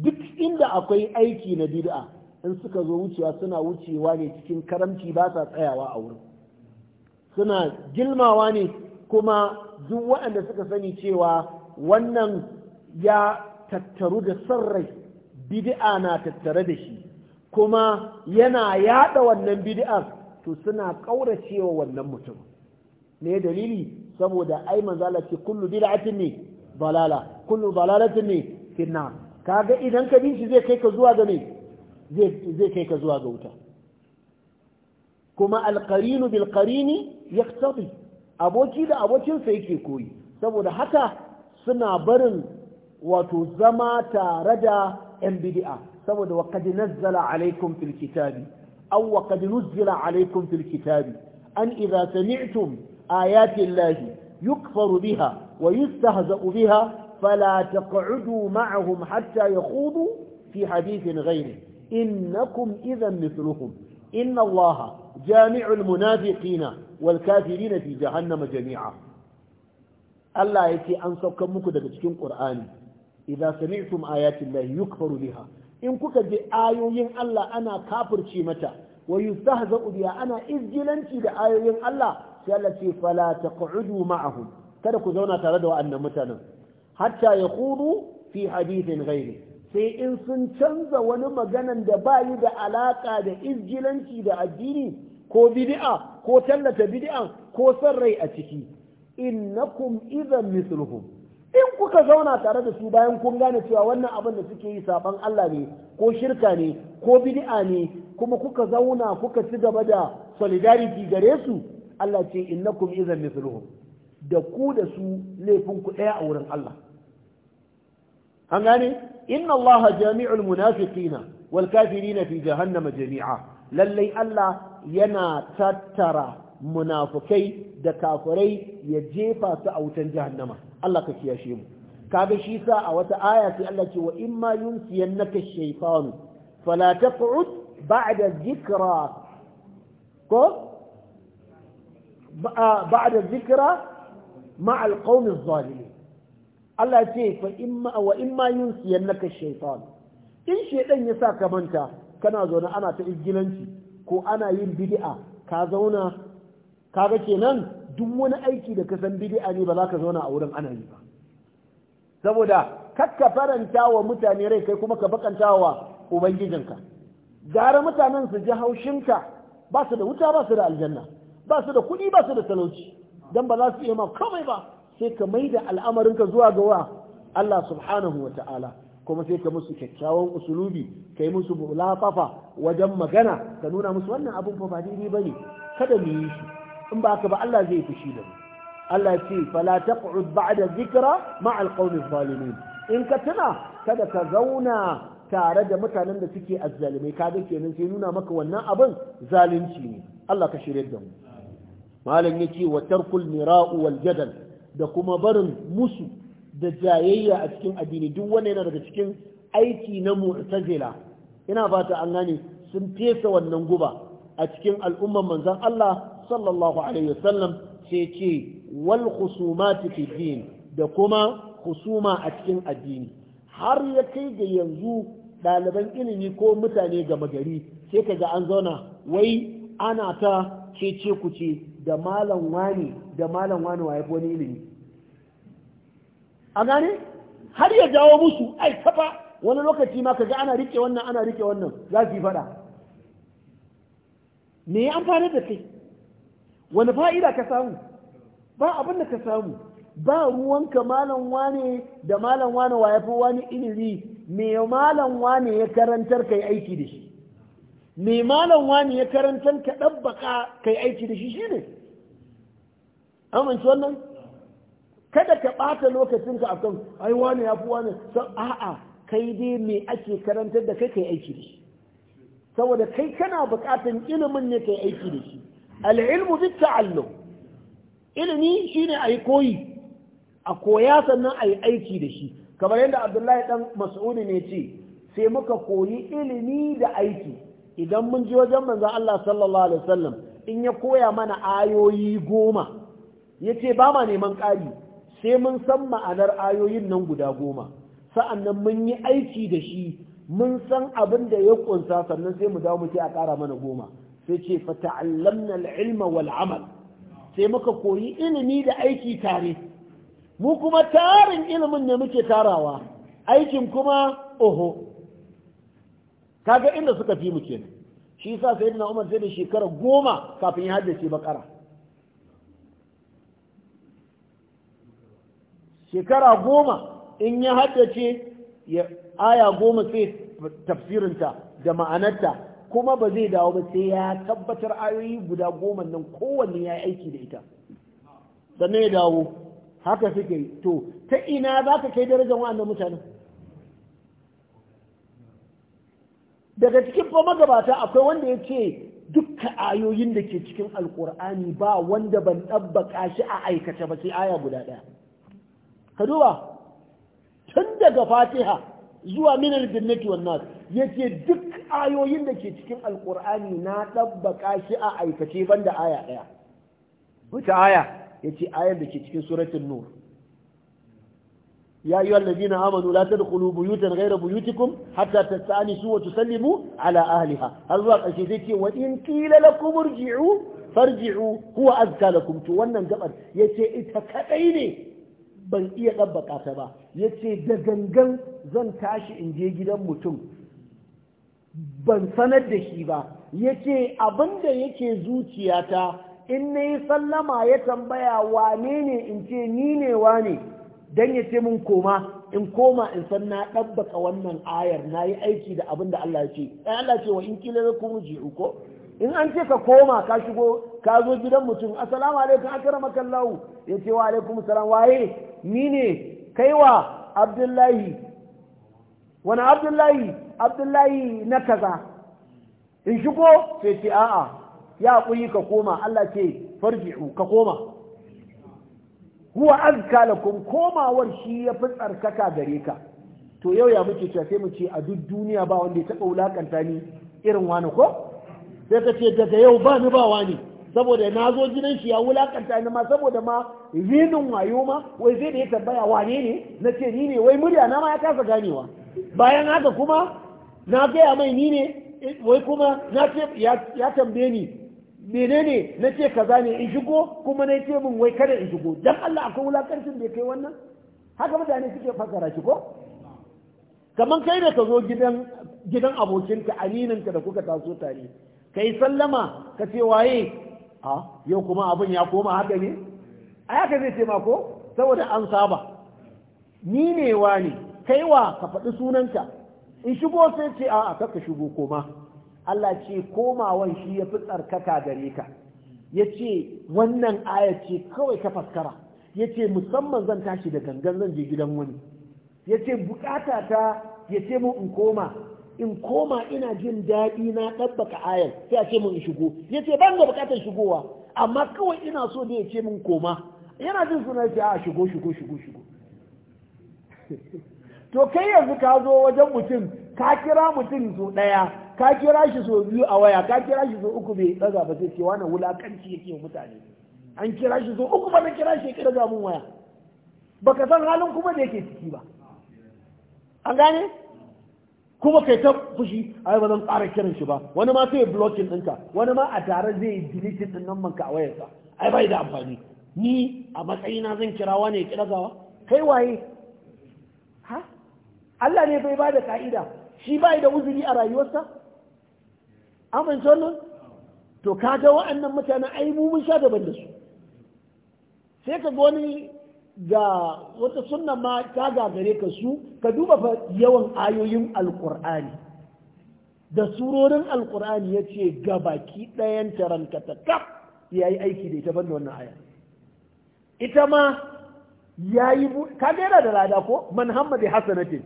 duk inda akwai aiki na bid'a in suka zo wucewa suna wucewa ne cikin karamci ba sa tsayawa a wurin suna gilmawa ne kuma duk waɗanda suka sani cewa wannan ya tattaru da son rai bid'a na tattare da shi kuma yana yada wannan bid'ar to suna ƙauracewa wannan mutum ne dalili saboda ai manzala ce kullu bid'atin ne balala kullu balalatin ne finna kaga idan ka bi shi zai kai ka zuwa ga me zai kai ka zuwa ga wuta kuma alqarinu bil qarini yaqtadi aboki da abokinsa yake koyi saboda haka suna barin wato zama tare da yan bid'a saboda wa qad nazzala alaikum fil kitabi aw nuzzila alaikum filkitabi an iza sami'tum ayati llahi yukfaru biha wa yustahza'u biha فلا تقعدوا ma'ahum hatta يخوضوا fi حديث غيره إنكم إذا مثلهم إن الله جامع المنافقين والكافرين في جهنم جميعا الله يتي أن سوكمك دكتكم قرآن إذا سمعتم آيات الله يكفر بها إن كنت بآيوين الله أنا كافر شيمتا ويستهزأ بها أنا إذجلنتي بآيوين الله التي فلا تقعدوا معهم كذلك زونا تردوا أن متنا حتى يخوضوا في حديث غيره sai in sun canza wani maganan da ba yi da alaƙa da izgilanci da addini ko bidi'a ko tallata bidi'a ko son rai a ciki innakum idan mithluhum in kuka zauna tare da su bayan kun gane cewa wannan abin da suke yi saban Allah ne ko shirka ne ko bidi'a ne kuma kuka zauna kuka ci gaba da solidarity gare su Allah ce innakum idan mithluhum da ku da su laifin ku ɗaya a wurin Allah an gane inna Allah jami'ul munafiqina wal kafirina fi jahannama jami'a lallai Allah yana tattara munafukai da kafirai ya jefa su a wutan jahannama Allah ka kiyashe mu kaga shi sa a wata aya sai Allah ce wa imma yunsiyannaka shaytanu fala taq'ud ba'da dhikra ko ba'da dhikra مع القوم الظالمين Allah ce fa imma wa imma yunsiyannaka shaytan in shaytan ya sa ka manta kana zaune ana ta igilanci ko ana yin bid'a ka zauna kaga kenan duk wani aiki da ka san bid'a ne ba za ka zauna a wurin ana yi ba saboda kakka faranta wa mutane rai kai kuma ka bakanta wa ubangijinka gara mutanen su ji ka, ba su da wuta ba su da aljanna ba su da kuɗi ba su da talauci don ba za su iya ma komai ba sai ka mai da al'amarinka zuwa ga wa Allah subhanahu wa ta'ala kuma sai ka musu kyakkyawan usulubi ka yi musu bulafafa wajen magana ka nuna musu wannan abin fa ba daidai bane kada mu yi shi in ba ba Allah zai fushi da mu Allah ya ce fala taq'ud ba'da dhikra ma'a alqawmi zalimin in ka tuna kada ka zauna tare da mutanen da suke azzalimai kaga kenan sai nuna maka wannan abin zalunci ne Allah ka shirye da mu malam yace wa tarkul mira'u wal jadal da kuma barin musu da jayayya a cikin addini duk wanda yana daga cikin aiki na mu'tazila ina fata an gane sun fesa wannan guba a cikin al'umman manzon Allah sallallahu alaihi wasallam sai ce wal khusumat fi din da kuma khusuma a cikin addini har ya kai ga yanzu ɗaliban ilimi ko mutane gama gari sai kaga an zauna wai ana ta cece ce? da malam wani da malam wani wa haifo wani ilimi a gane har ya jawo musu ai kafa wani lokaci ma kaga ana rike wannan ana rike wannan za su yi fada me ya amfani da kai wani fa'ida ka samu ba abin da ka samu ba ruwanka malam wane da malam wane wa haifo wani ilimi me malam wane ya karantar kai aiki da shi Mai malon wani ya karantar ka ɗabbaka kai aiki da shi shi ne amince wannan kada ka ɓata lokacinka a kan ai wani ya fi wani a'a kai dai me ake karantar da kai kai aiki da shi saboda kai kana buƙatar ilimin ne kai aiki da shi al'ilmu bi ta'allum ilimi shine ayi koyi a koya sannan ayi aiki da shi kamar yadda abdullahi dan mas'udi ne ce sai muka koyi ilimi da aiki idan mun ji wajen manzon Allah sallallahu alaihi wasallam in ya koya mana ayoyi goma yace ba ma neman ƙari sai mun san ma'anar ayoyin nan guda goma sa'annan mun yi aiki da shi mun san abin da ya ƙunsa sannan sai mu dawo muke a ƙara mana goma sai ce fa ta'allamna al-ilma wal amal sai muka koyi ilimi da aiki tare mu kuma tarin ilimin ne muke tarawa aikin kuma oho kaga inda suka fi mu kenan shi yasa sayyidina Umar sai da shekara goma kafin ya haddace bakara shekara goma in ya haddace ya aya goma sai tafsirinta da ma'anarta kuma ba zai dawo ba sai ya tabbatar ayoyi guda goma nan kowanne ya yi aiki da ita sannan ya dawo haka suke to ta ina za ka kai darajar wa'annan mutanen daga cikin ba magabata akwai wanda ya ce dukkan ayoyin da ke cikin alkur'ani ba wanda ban ɗabbaka shi a aikace ba sai aya guda ɗaya ka duba tun daga fatiha zuwa minar jinnati wannan ya ce duk ayoyin da ke cikin alkur'ani na ɗabbaka shi a aikace ban da aya ɗaya aya ya ce ayar da ke cikin suratun nur ya ayyuhal ladina Ahmadu la tadkhulu buyutan ghayra buyutikum hatta tasta'nisu wa tusallimu ala ahliha har zuwa ƙarshe zai ce wa in qila lakum irji'u farji'u huwa azka lakum to wannan gabar yace ita kadai ne ban iya ɗabbaka ta ba yace da gangan zan tashi in je gidan mutum ban sanar da shi ba yace abinda yake zuciyata in na yi sallama ya tambaya wane ne in ce ni ne wane dan ya ce mun koma in koma in san na ɗabbaka wannan ayar na yi aiki da abin da Allah ya ce ai Allah ce wa in kila za ku ruji ko in an ce ka koma ka shigo ka zo gidan mutum assalamu alaikum akramaka Allah ya ce wa alaikum salam waye ni ne kai wa Abdullahi wani Abdullahi Abdullahi na kaza in shigo sai ce a'a ya kuyi ka koma Allah ce farji'u ka koma huwa azka lakum komawar shi ya fi tsarkaka gare ka to yau ya muke cewa sai mu ce a duk duniya ba wanda ya taɓa wulakanta ni irin wani ko sai ka ce daga yau ba ni ba wani saboda na zo gidan shi ya wulakanta ni ma saboda ma rinin wayo ma wai zai da ya tambaya wane ne na ce ni ne wai murya na ma ya kasa ganewa bayan haka kuma na gaya mai ni ne eh, wai kuma na ce ya tambaye ni menene na ce kaza ne in shigo kuma na ce min wai kada in shigo dan Allah akwai wulakancin da kai wannan haka mutane suke fassara shi ko kamar kai da ka zo gidan gidan abokinka amininka da kuka taso tare kai sallama ka ce waye a yau kuma abin ya koma haka ne a haka zai ce ma ko saboda an saba ni ne wani kai wa ka faɗi sunanka in shigo sai ce a'a kar ka shigo koma Allah ce komawan shi ya fi tsarkaka gare ka ya ce wannan ayar ce kawai ka faskara ya ce musamman zan tashi da gangan zan je gidan wani ya ce bukata ta ya ce mu in koma in koma ina jin daɗi na ɗabbaka ayar sai a ce mu in shigo ya ce ban ga bukatar shigowa amma kawai ina so ne ya ce mun koma yana jin suna ce a ah, shigo shigo shigo shigo <laughs> to kai yanzu ka zo wajen mutum ka kira mutum zo ɗaya ka kira shi so biyu a waya ka kira shi so uku bai daga ba sai ce na wulakanci yake wa mutane an kira shi so uku ba na kira shi ya daga mun waya baka san halin kuma da yake ciki ba an gane kuma kai ta fushi ai ba zan ƙara kiran shi ba wani ma sai blokin ɗinka wani ma a tare zai yi deleting ɗin nan manka a wayarsa ai bai da amfani ni a matsayina zan kira wani ya kira gawa kai waye ha Allah ne bai bada ka'ida shi bai da uzuri a rayuwarsa an fahimci wannan to kaga wa'annan mutanen aibubun sha daban da su sai ka ga wani ga wata sunna ma ta gagare ka su ka duba fa yawan ayoyin alkur'ani da surorin alkur'ani ya ce ga baki ɗayan tarankata kaf ya yi aiki da ita banda wannan aya ita ma ya yi kaga yana da lada ko man hammadi hasanatin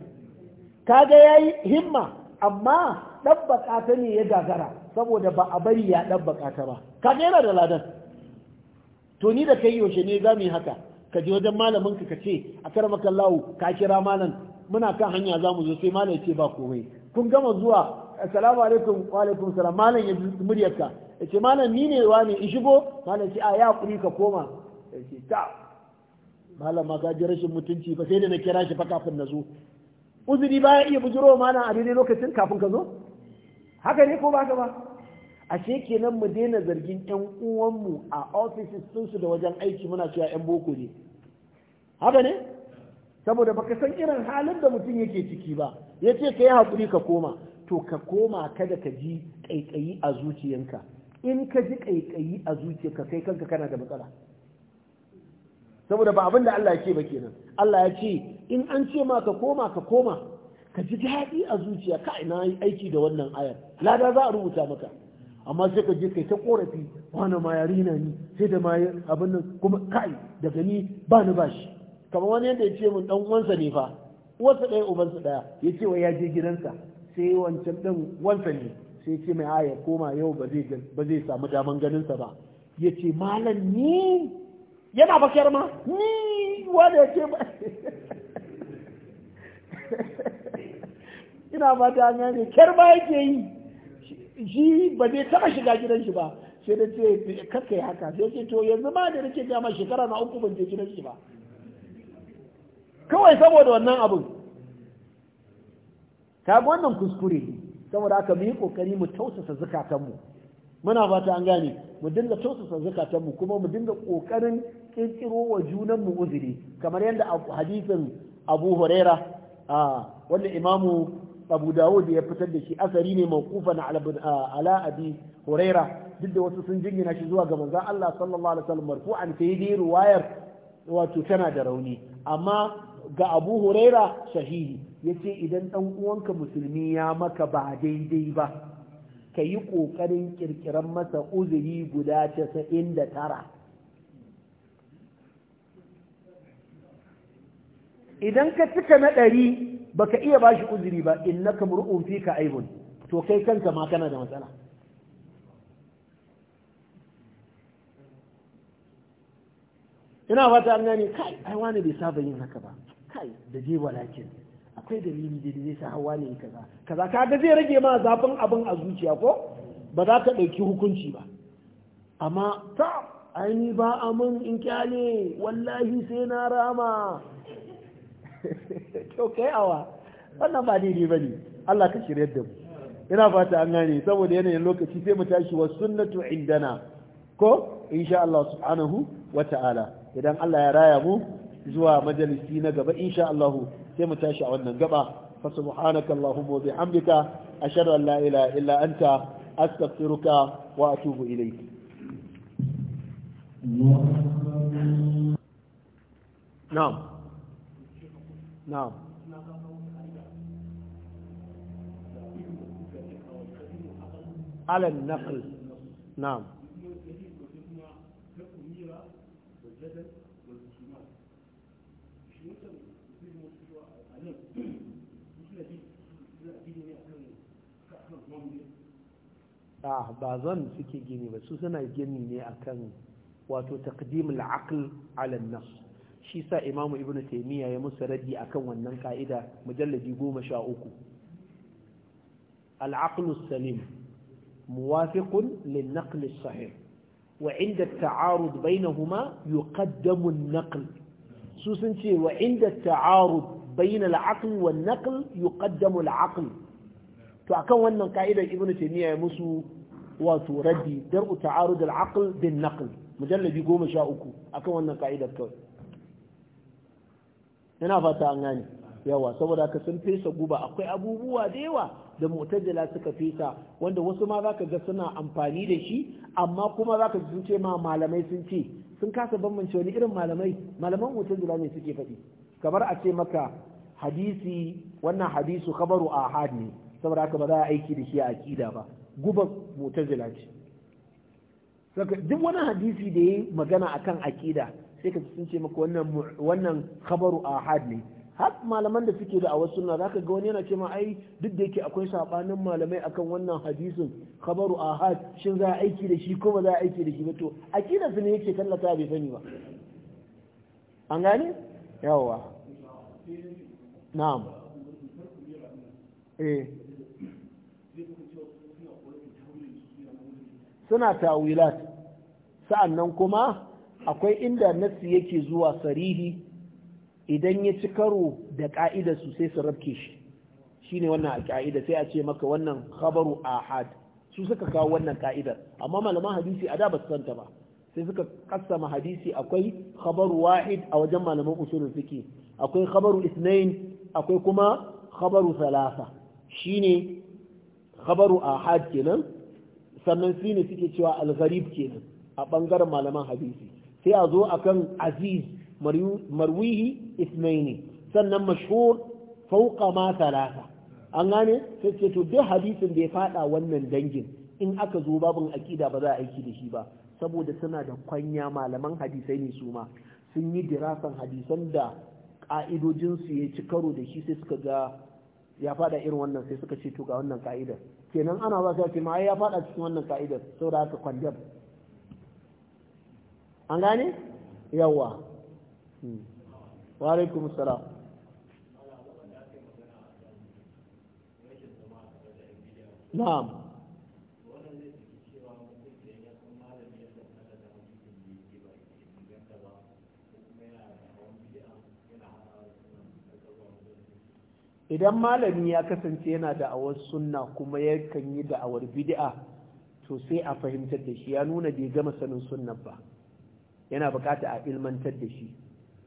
ga ya yi himma amma ɗabbaƙa ta ne ya gagara saboda ba a bari ya ɗabbaƙa ta ba ka yana da ladan to ni da kai yaushe ne za mu yi haka ka je wajen malamin ka ce a kar makallahu ka kira malam muna kan hanya za mu zo sai malam ya ce ba komai kun gama zuwa assalamu alaikum wa alaikum salam malam ya muryarka ya ce malam ni ne wa ne in shigo malam ce a ya kuri ka koma ya ce ta malam ma ka ji rashin mutunci ba sai da na kira shi fa kafin na zo uzuri baya iya bujiro mana a daidai lokacin kafin ka zo haka ne ko ba ka ba ashe kenan mu daina zargin yan uwanmu a offices su da wajen aiki muna cewa yan boko ne haka ne saboda baka san irin halin da mutum yake ciki ba ya ce ka yi haƙuri ka koma to ka koma kada ka ji ƙaiƙayi a zuciyanka in ka ji ƙaiƙayi a zuciyarka kai kanka kana da matsala saboda ba abin da Allah ya ce ba kenan Allah ya ce in an ce ma ka koma ka koma ka ji daɗi a zuciya ka ina aiki da wannan ayar lada za a rubuta maka amma sai ka je kai ta korafi wani ma yari na ni sai da ma abin nan kuma kai daga ni ba ni ba shi kamar wani yadda ya ce mun dan uwansa ne fa uwarsa ɗaya ubansa ɗaya ya ce wa ya je gidansa sai wancan ɗin wansa ne sai ce mai aya koma yau ba zai samu daman ganinsa ba ya ce malam ni yana bakiyar ma ni wanda ya ce ba <laughs> ina ba ta gane kyar ba yake yi shi ba zai taba shiga gidan shi ba sai da ce kakai haka sai ce to yanzu ma da rike dama shekara na uku ban je gidan shi ba kawai saboda wannan abin ta wannan kuskure saboda aka mu yi kokari mu tausasa zukatanmu muna fata an gane mu dinga tausasa zukatanmu kuma mu dinga kokarin kirkiro wa junanmu uzuri kamar yadda hadisin abu huraira a wanda imamu abu dawud ya fitar da shi asari ne mawqufan ala abi huraira duk da wasu sun jingina shi zuwa ga manzon Allah sallallahu alaihi wasallam marfu'an sai dai ruwayar. wato tana da rauni amma ga abu huraira sahihi yace idan dan uwanka musulmi ya maka ba daidai ba ka yi ƙoƙarin ƙirƙirar masa uzuri guda casa'in da tara idan ka cika na ɗari ba ka iya ba shi uzuri ba in innaka mur'un ka aibun to kai kanka ma kana da matsala ina fata an gani kai ai wani bai saba yin haka ba kai da je walakin akwai dalili da zai sa hawa ne kaza kaza kaga zai rage ma zafin abin a zuciya ko ba za ka ɗauki hukunci ba amma ta aini ba amin in kyale wallahi sai na rama kyau kai awa wannan ba daidai ba ne Allah ka shirya da mu ina fata an gane saboda yanayin lokaci sai mu tashi wa sunnatu indana ko insha Allah subhanahu wa ta'ala idan Allah ya raya mu zuwa majalisi na gaba insha Allah sai mu tashi a wannan gaba fa subhanaka allahumma wa bihamdika ashhadu an la ilaha illa anta astaghfiruka wa atubu ilayk نعم na'am alal ah ba zan suke gini ba su suna gini ne akan wato taqdim al-aql ala nafs shi sa imamu ibnu taymiya ya musu raddi akan wannan ka'ida mujalladi goma sha uku al salim muwafiqun lin naqli sahih wa inda ta'arud bainahuma yuqaddamu an-naql su sun ce wa inda ta'arud bain al-aql wan naql yuqaddamu al-aql to akan wannan ka'idar ibnu taymiya ya musu wato raddi dar'u ta'arud al-aql bin naql mujalladi 13 akan wannan ka'idar kawai yana fata an gane yawa saboda ka sun fesa guba akwai abubuwa da yawa da mutajjala suka fesa wanda wasu ma zaka ga suna amfani da shi amma kuma zaka ji ce ma malamai sun ce sun kasa bambance wani irin malamai malaman mutajjala ne suke faɗi kamar a ce maka hadisi wannan hadisu khabaru ahad ne saboda ka ba za a aiki da shi a akida ba guba mutajjala ce duk wani hadisi da yayi magana akan akida sai ka sun ce maka wannan wannan khabaru ahad ne har malaman da suke da a wasu za zaka ga wani yana ce ma ai duk da yake akwai sabanin malamai akan wannan hadisin khabaru ahad shin za a aiki da shi ko ba za a aiki da shi ba to akida su ne yake tallata bai sani ba an gane yawa na'am eh suna tawilat sa'annan kuma akwai inda nassi yake zuwa sarihi idan ya ci karo da ka'idar su sai su rabke shi shine wannan ka'ida sai a ce maka wannan khabaru ahad su suka kawo wannan ka'idar amma malaman hadisi a da ba su santa ba sai suka kassama hadisi akwai khabaru wahid a wajen malaman usulun fiqh akwai khabaru isnain akwai kuma khabaru thalatha shine khabaru ahad kenan sannan shine suke cewa al-gharib kenan a bangaren malaman hadisi sai a zo akan aziz marwihi ismaini sannan mashhur fauka ma talata an gane sai ce to duk hadisin da ya fada wannan dangin in aka zo babin akida ba za a aiki da shi ba saboda suna da kwanya malaman hadisai ne su ma sun yi dirasan hadisan da ƙa'idojinsu ya ci karo da shi sai suka ga ya fada irin wannan sai suka ce to ga wannan ka'idar kenan ana ba su ce ma ya fada cikin wannan ka'idar saboda haka kwandam an gane yawa hmm. wa salam na'am idan malami ya kasance yana da'awar sunna kuma yakan yi da'awar bid'a to sai a fahimtar da shi ya nuna bai gama sanin sunna ba yana bukata a ilmantar da shi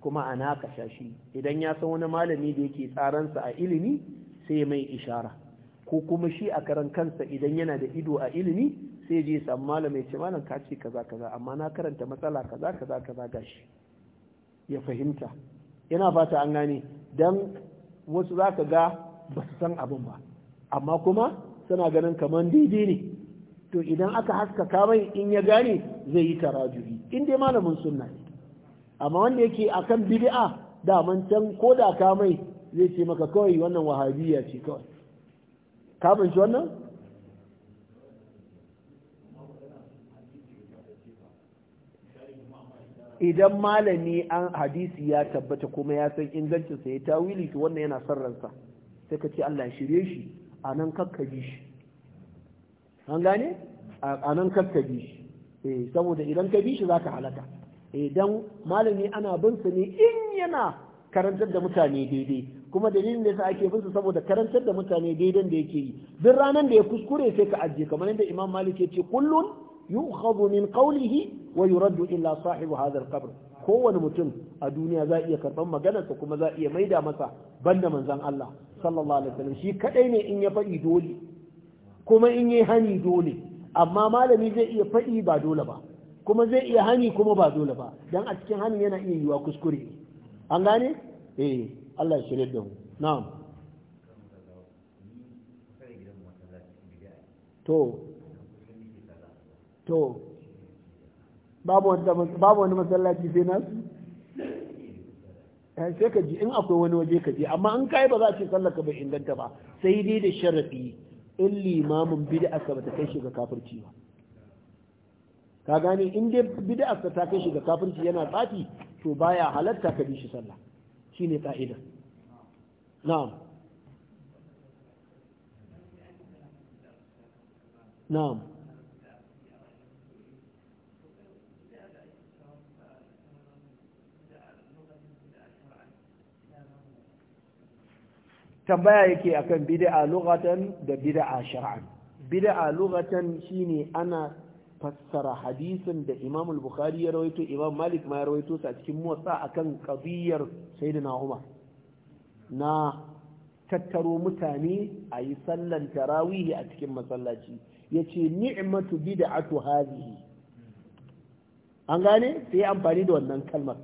kuma a nakasha shi idan ya san wani malami da yake tsaransa a ilimi sai mai ishara ko kuma shi a karan kansa idan yana da ido a ilimi sai je samu malamai ce malam ka ce kaza kaza amma na karanta matsala kaza kaza kaza gashi ya fahimta yana fata an gane dan wasu zaka ga ba su san abin ba amma kuma suna ganin kamar daidai ne to idan aka haska mai in ya gane zai yi tarajuhi in dai malamin sunna ne amma wanda yake akan bid'a da man can ko da ka mai zai ce maka kawai wannan wahabiyya ce kawai ka binci wannan idan malami an hadisi ya tabbata kuma ya san ingancinsa ya tawili to wannan yana son ransa sai ka ce Allah shirye shi a nan kakkaji shi an gane a nan kakka bi shi eh, saboda idan ka bi shi ka halaka idan eh, malami ana bin su ne in yana karantar da mutane daidai kuma dalilin da yasa ake bin su saboda karantar da mutane daidai da yake yi duk ranar da ya kuskure sai ka ajiye kamar yadda Imam Malik ya ce kullun yu'khadhu min qawlihi wa yuraddu illa sahibu hadha al-qabr kowane mutum a duniya za iya karban maganarsa kuma za iya maida masa banda manzon Allah sallallahu alaihi wasallam shi kadai ne in ya faɗi dole kuma in yi hani dole amma malami zai iya faɗi ba dole ba kuma zai iya hani kuma ba dole ba don a cikin hani yana iya yiwa kuskure an gane eh Allah shi da mu na'am to to babu wani masallaci sai nasu eh, sai ka ji in akwai wani waje ka je amma an kai ba za a ce sallaka bai inganta ba sai dai da sharafi in limamin bid'a ba ta kai shi ga kafirci ba ka gane in dai bida ka ta kai shi ga kafirci yana tsafi to baya halarta ka bi shi sallah shine ka'ida na'am na'am tambaya yake akan bid'a lughatan da bid'a shar'an bid'a lughatan shine ana fassara hadisin da Imam al-Bukhari ya rawaito Imam Malik ma ya rawaito sa cikin motsa akan qadiyar Sayyidina Umar na tattaro mutane a yi sallan tarawihi a cikin masallaci yace ni'matu bid'atu hadhihi an gane sai amfani da wannan kalmar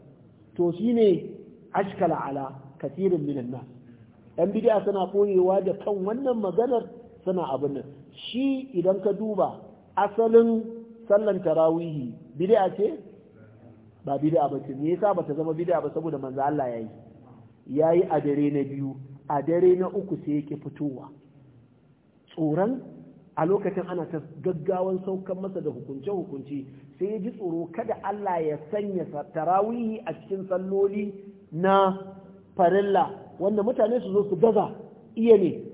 to shine ashkala ala kathirin minan nas yan bidiya suna koyewa da kan wannan maganar suna abin nan shi idan ka duba asalin sallan tarawihi bidiya ce ba bidiya ba ce Ya sa ba ta zama bidiya ba saboda manzo Allah Ya yi a dare na biyu a dare na uku sai yake fitowa tsoron a lokacin ana ta gaggawan saukan masa da hukunce-hukunce sai ya ji tsoro kada Allah ya sanya tarawihi a cikin salloli na farilla wanda mutane su zo su gaza iya ne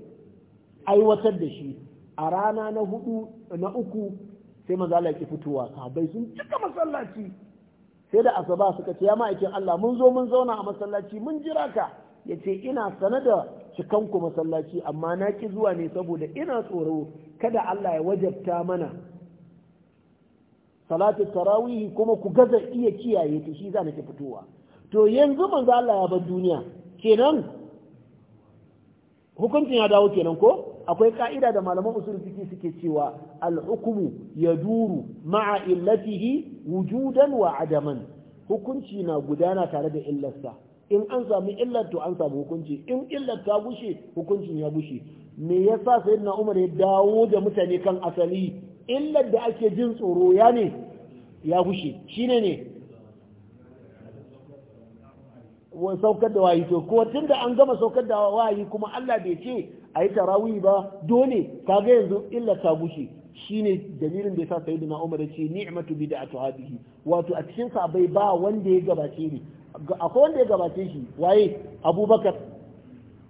aiwatar da shi a rana na hudu na uku sai maza Allah fitowa sahabbai sun cika masallaci sai da asaba suka ce ya ma'aikin Allah mun zo mun zauna a masallaci mun jira ka yace ina sana da cikanku masallaci amma na ki zuwa ne saboda ina tsoro kada Allah ya wajabta mana salatu tarawih kuma ku gaza iya kiyaye ta shi za ki fitowa to yanzu manzo Allah ya bar duniya kenan hukuncin ya dawo kenan ko akwai ka'ida da malaman usul fiqh suke cewa al-hukmu yaduru ma'a illatihi wujudan wa adaman hukunci na gudana tare da illarsa in an samu illar to an samu hukunci in illar ta gushe hukuncin ya gushe me yasa sayyidina Umar ya dawo da mutane kan asali illar da ake jin tsoro ya ne ya gushe shine ne saukar da wayi to ko tun an gama saukar da wayi kuma Allah bai ce a yi tarawih ba dole kaga yanzu illa ta gushe shine dalilin da yasa sayyidina Umar ce ni'matu bid'atu hadihi wato a cikin sa bai ba wanda ya gabace ni akwai wanda ya gabace shi waye Abubakar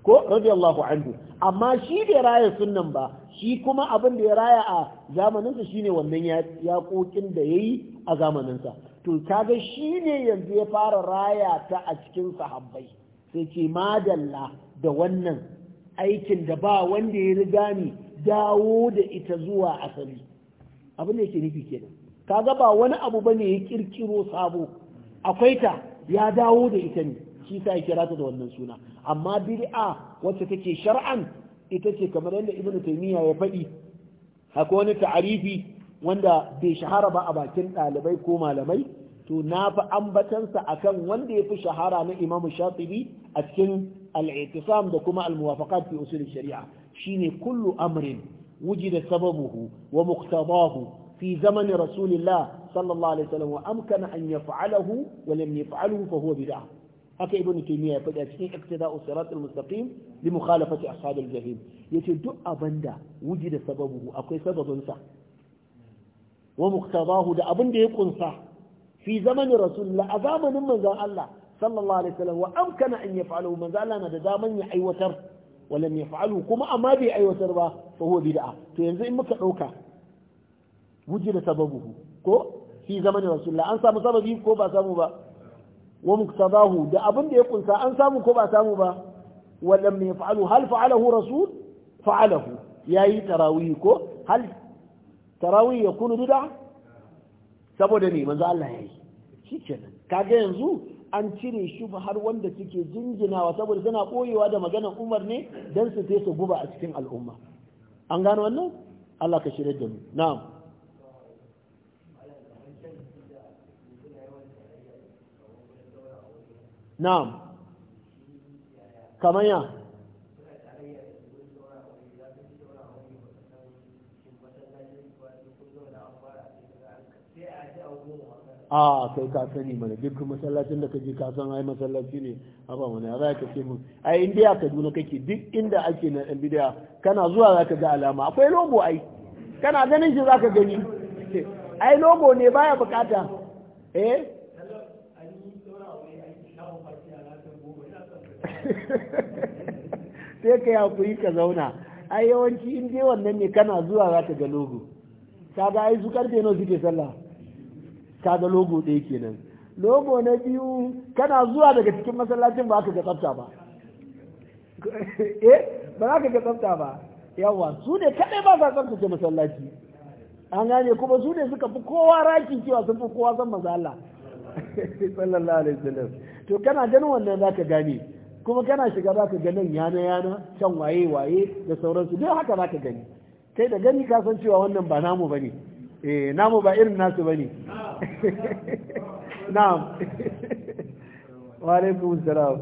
ko radiyallahu anhu amma shi bai raya sunnan ba shi kuma abin da ya raya a zamaninsa shine wannan yaƙoƙin da yayi yi a zamaninsa to kaga shi ne yanzu ya fara raya ta a cikin sahabbai sai ce madalla da wannan aikin da ba wanda ya riga ni dawo da ita zuwa asali abin da yake nufi kenan kaga ba wani abu bane ya kirkiro sabo akwai ta ya dawo da ita ne shi sa ya kira ta da wannan suna amma bid'a wacce take shar'an ita ce kamar yadda ibn taymiya ya faɗi akwai wani ta'arifi wanda bai shahara ba a bakin ɗalibai ko malamai to na fi ambatansa akan wanda ya fi shahara na imamu shatibi a cikin al'itisam da kuma al-muwafaqat fi usul shari'a Shi ne kullu amrin wujida sababuhu wa muqtadahu fi zamanin rasulillah sallallahu alaihi wasallam wa amkana an ya yaf'alahu wa lam yaf'alahu fa huwa bid'ah haka ibn taymiya ya faɗa cikin iqtida'u sirat al-mustaqim li mukhalafati ashab al-jahim yace duk abanda wujida sababuhu akwai sababinsa wa muqtadahu da abin da ya kunsa fi zamanin rasulullah a zamanin manzon Allah sallallahu alaihi wasallam wa amkana an yaf'alu manzon Allah na da daman ya aiwatar walam yaf'alu kuma amma bai aiwatar ba fa huwa bid'a to yanzu in muka dauka wujida sababuhu ko fi zamanin rasulullah an samu sababi ko ba samu ba wa muktadahu da abin da ya kunsa an samu ko ba samu ba walam yaf'alu hal fa'alahu rasul fa'alahu yayi tarawih ko hal tarawih yakunu bid'a saboda ne Allah shikenan kenan kaga yanzu an cire shi har wanda suke jinginawa saboda suna koyewa da maganar umar ne don su su guba a cikin al'umma an gano wannan Allah ka shirya da mu na'am na'am kamar ya a kai ka sani mana duk masallacin da ka je ka san ai masallaci ne haba mana ya zaka ce mun ai indiya Kaduna kake duk inda ake na dan kana zuwa zaka ga alama akwai logo ai kana ganin shi za ka gani ai logo ne baya bukata eh <laughs> sai ka yi ka zauna ai yawanci in dai wannan ne kana zuwa za ka ga logo ga ai su karfe nawa suke sallah kaga logo ɗaya kenan logo na biyu kana zuwa daga cikin masallacin ba ka ga tsafta ba <laughs> eh ba za ka ga tsafta ba yawa su ne kadai ba sa tsaftace masallaci an gane kuma su ne suka fi kowa raki cewa sun fi kowa san maza Allah <laughs> sallallahu alaihi wasallam to kana ganin wannan zaka gane kuma kana shiga zaka ga nan yana yana can waye waye da sauransu duk haka zaka gani kai da gani ka san cewa wannan ba namu bane eh namu ba irin nasu bane نعم وعليكم السلام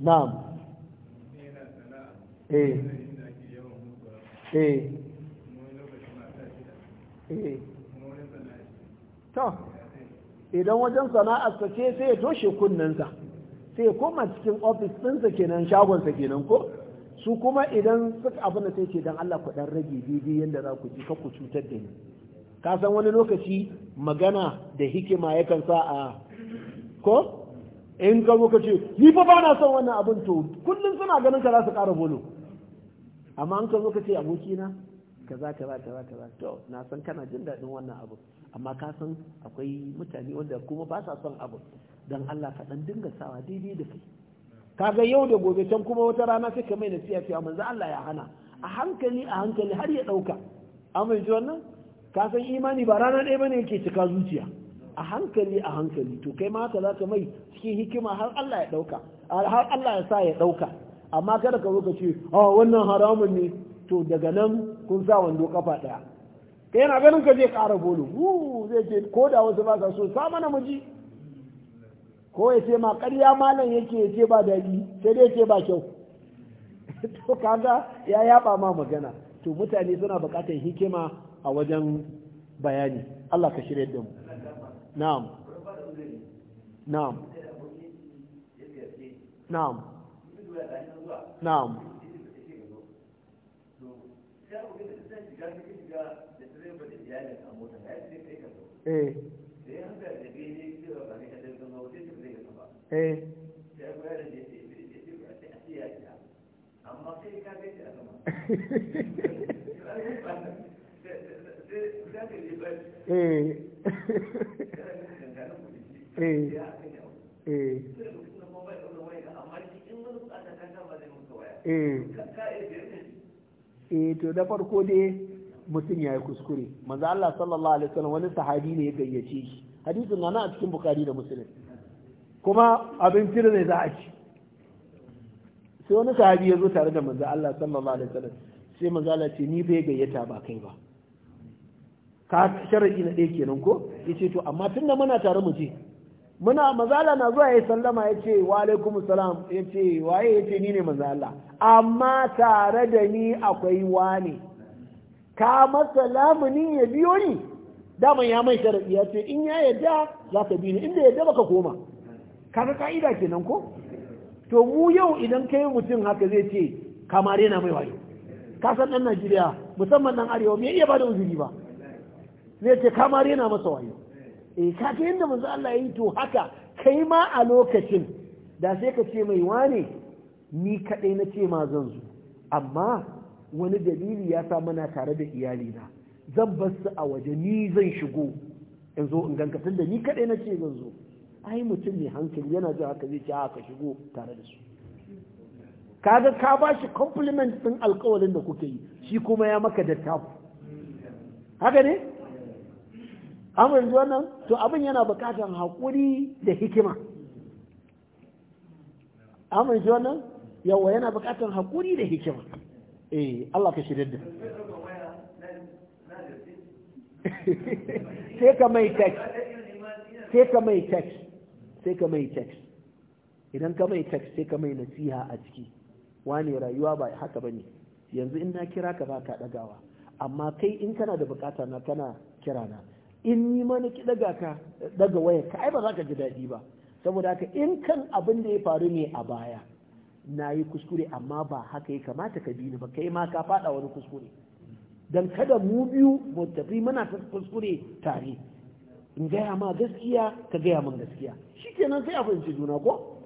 نعم ايه ايه idan wajen ta ce sai ya toshe kunnensa sai ya koma cikin ofis ɗinsa kenan shagonsa kenan ko su kuma idan suka abin da sai ce don Allah ku ɗan rage bibi yanda za ku ji ka ku cutar da ni ka san wani lokaci magana da hikima yakan sa a ko in ka zo ka ce ni fa ba na son wannan abin to kullum suna ganin ka za su ƙara bolo amma an ka zo ka ce abokina kaza kaza kaza kaza to na san kana jin daɗin wannan abu amma ka san akwai mutane wanda kuma ba sa son abu dan Allah ka dan dinga sawa daidai da kai kaga yau da gobe can kuma wata rana sai ka mai nasiha cewa manzo Allah ya hana a hankali a hankali har ya dauka amma wannan ka san imani ba rana ɗaya bane yake cika zuciya a hankali a hankali to kai ma haka ka mai cikin hikima har Allah ya dauka har Allah ya sa ya dauka amma kada ka zo ka ce ah wannan haramun ne to daga nan kun sa wando kafa daya kai yana ganin ka je ƙara bolo zai ce ko da wasu ba sa so sa mana muji ko ya ce ma ƙarya malam yake ya ce ba daji, sai dai ce ba kyau <laughs> to kaga ya yaba ma magana to mutane suna buƙatar hikima a wajen bayani Allah ka shirye da mu na'am na'am na'am na'am eh Eh. Eh. Eh. eh to da farko dai mutum ya yi kuskure manzo Allah sallallahu alaihi wasallam wani sahabi ne ya gayyace shi hadisin na a cikin bukari da muslim kuma abinci ne za a ci sai wani sahabi ya zo tare da manzo Allah sallallahu alaihi wasallam sai manzo Allah ce ni bai gayyata ba kai ba ka sharadi na ɗaya kenan ko yace to amma tunda muna tare mu je muna manzo Allah na zuwa yayi sallama yace wa alaikum salam yace waye yace ni ne manzo Allah amma tare da ni akwai wani ka masa ni ya biyo ni dama ya mai sharadi yace in ya yadda za ka bi ni inda yadda baka koma kaga ka'ida kenan ko to mu yau idan kai mutum haka zai ce kamare na mai wayo ka san dan Najeriya musamman dan Arewa me iya bada uzuri ba zai ce kamare na masa wayo eh ka ga yanda manzo Allah yayi to haka kai ma a lokacin da sai ka ce mai wane ni kaɗai na ce ma zan zo amma wani dalili ya sa mana tare da iyalina zan bar su a waje ni zan shigo in zo in ganka tunda ni kaɗai na ce zan zo ai mutum mai hankali yana zuwa haka zai ce haka ah, shigo tare da su kaga ka ba shi compliment din alkawarin da kuke yi shi kuma ya maka da tabu haka ne amma yanzu wannan to abin yana bukatar haƙuri da hikima amma yanzu wannan yawa yana bukatar haƙuri da hikima eh Allah ka shirya da <laughs> sai ka mai text sai ka mai sai ka mai tax, idan ka mai tax sai ka mai nasiha a ciki wane rayuwa ba haka bane yanzu in na kira ka baka dagawa amma kai in kana da bukata na kana kira na in ni ma ki daga ka daga waya ka ai ba za ka ji daɗi ba saboda haka in kan abin da ya faru ne a baya na yi kuskure amma ba haka ya kamata ka bi ni ba kai ma ka fada wani kuskure dan kada mu biyu mu tafi muna ta kuskure tare in gaya ma gaskiya ka gaya min gaskiya Shi kenan sai a fahimci juna ko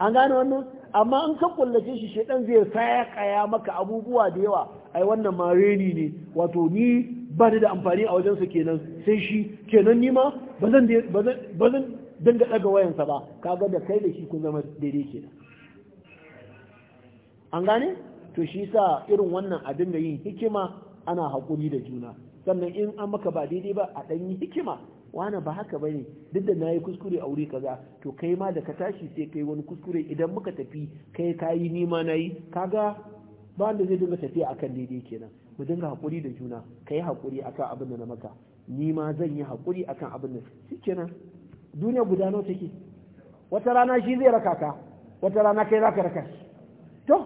an gane wannan amma an ka kullace shi shedan zai saya kaya maka abubuwa da yawa ai wannan ma reni ne wato ni ba ni da amfani a wajensa kenan sai shi kenan ni ma ba zan dinga daga wayansa ba kaga da kai da shi kun zama daidai kenan an gane to shi sa irin wannan abin da yin hikima ana haƙuri da juna sannan in an maka ba daidai ba a ɗanyi hikima wani ba haka bane duk da na yi kuskure a wuri kaza to kai ma da ka tashi sai kai wani kuskure idan muka tafi kai yi ni ma nayi kaga ba wanda zai dinga tafiya akan daidai kenan mu dinga haƙuri da juna kai a akan abin da na maka ni ma zan yi a akan abin da kenan duniya guda nawa take wata rana shi zai raka ka wata rana kai za ka raka shi to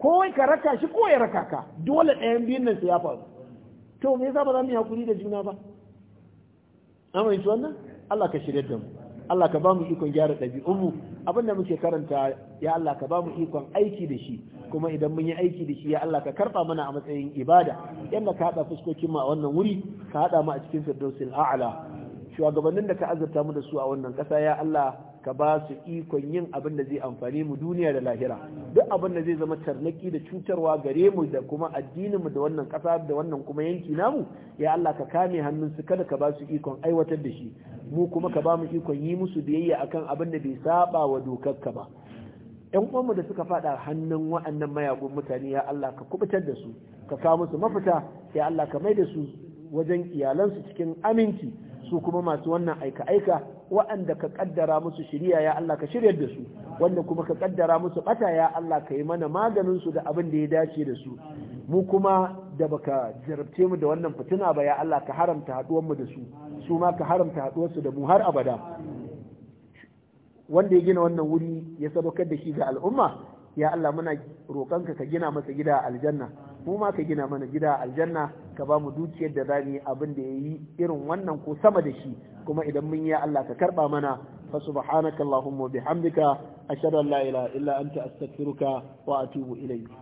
kowai ka raka shi kowai ya raka ka dole ɗayan biyun nan sai ya faru to me yasa ba za mu yi hakuri da juna ba an mai wannan Allah ka shirye da mu Allah ka ba mu ikon gyara mu. abin da muke karanta ya Allah ka ba mu ikon aiki da shi kuma idan mun yi aiki da shi ya Allah ka karɓa mana a matsayin ibada yadda ka haɗa fuskokin mu a wannan wuri ka haɗa mu a cikin firdausil a'la shugabannin da ka azurta mu da su a wannan ƙasa ya Allah ka ba su ikon yin abin da zai amfani mu duniya da lahira duk abin da zai zama tarnaki da cutarwa gare mu da kuma addinin mu da wannan ƙasa da wannan kuma yanki namu ya Allah ka kame hannun su kada ka ba su ikon aiwatar da shi mu kuma ka ba mu ikon yi musu biyayya akan abin da bai saba wa ka ba Ƴan uwanmu da suka faɗa hannun waɗannan mayagun mutane ya Allah ka kubutar da su ka kawo musu mafita ya Allah ka mai da su wajen iyalansu cikin aminci su kuma masu wannan aika-aika waɗanda ka kaddara musu shirya ya Allah ka shiryar da su wanda kuma ka kaddara musu bata ya Allah ka yi mana maganinsu su da abin da ya dace da su mu kuma da baka jarabce mu da wannan fituna ba ya Allah ka haramta haduwar mu da su su ma ka haramta haduwar su da mu har abada wanda ya gina wannan wuri ya sabakar da shi ga al'umma ya Allah muna roƙonka ka gina masa gida aljanna mu ma ka gina mana gida aljanna ka ba mu dukiyar da zamu yi abin da yayi irin wannan ko sama da shi kuma idan mun yi Allah ka karba mana fa subhanakallahumma bihamdika ashhadu an la ilaha illa anta astaghfiruka wa atubu ilayk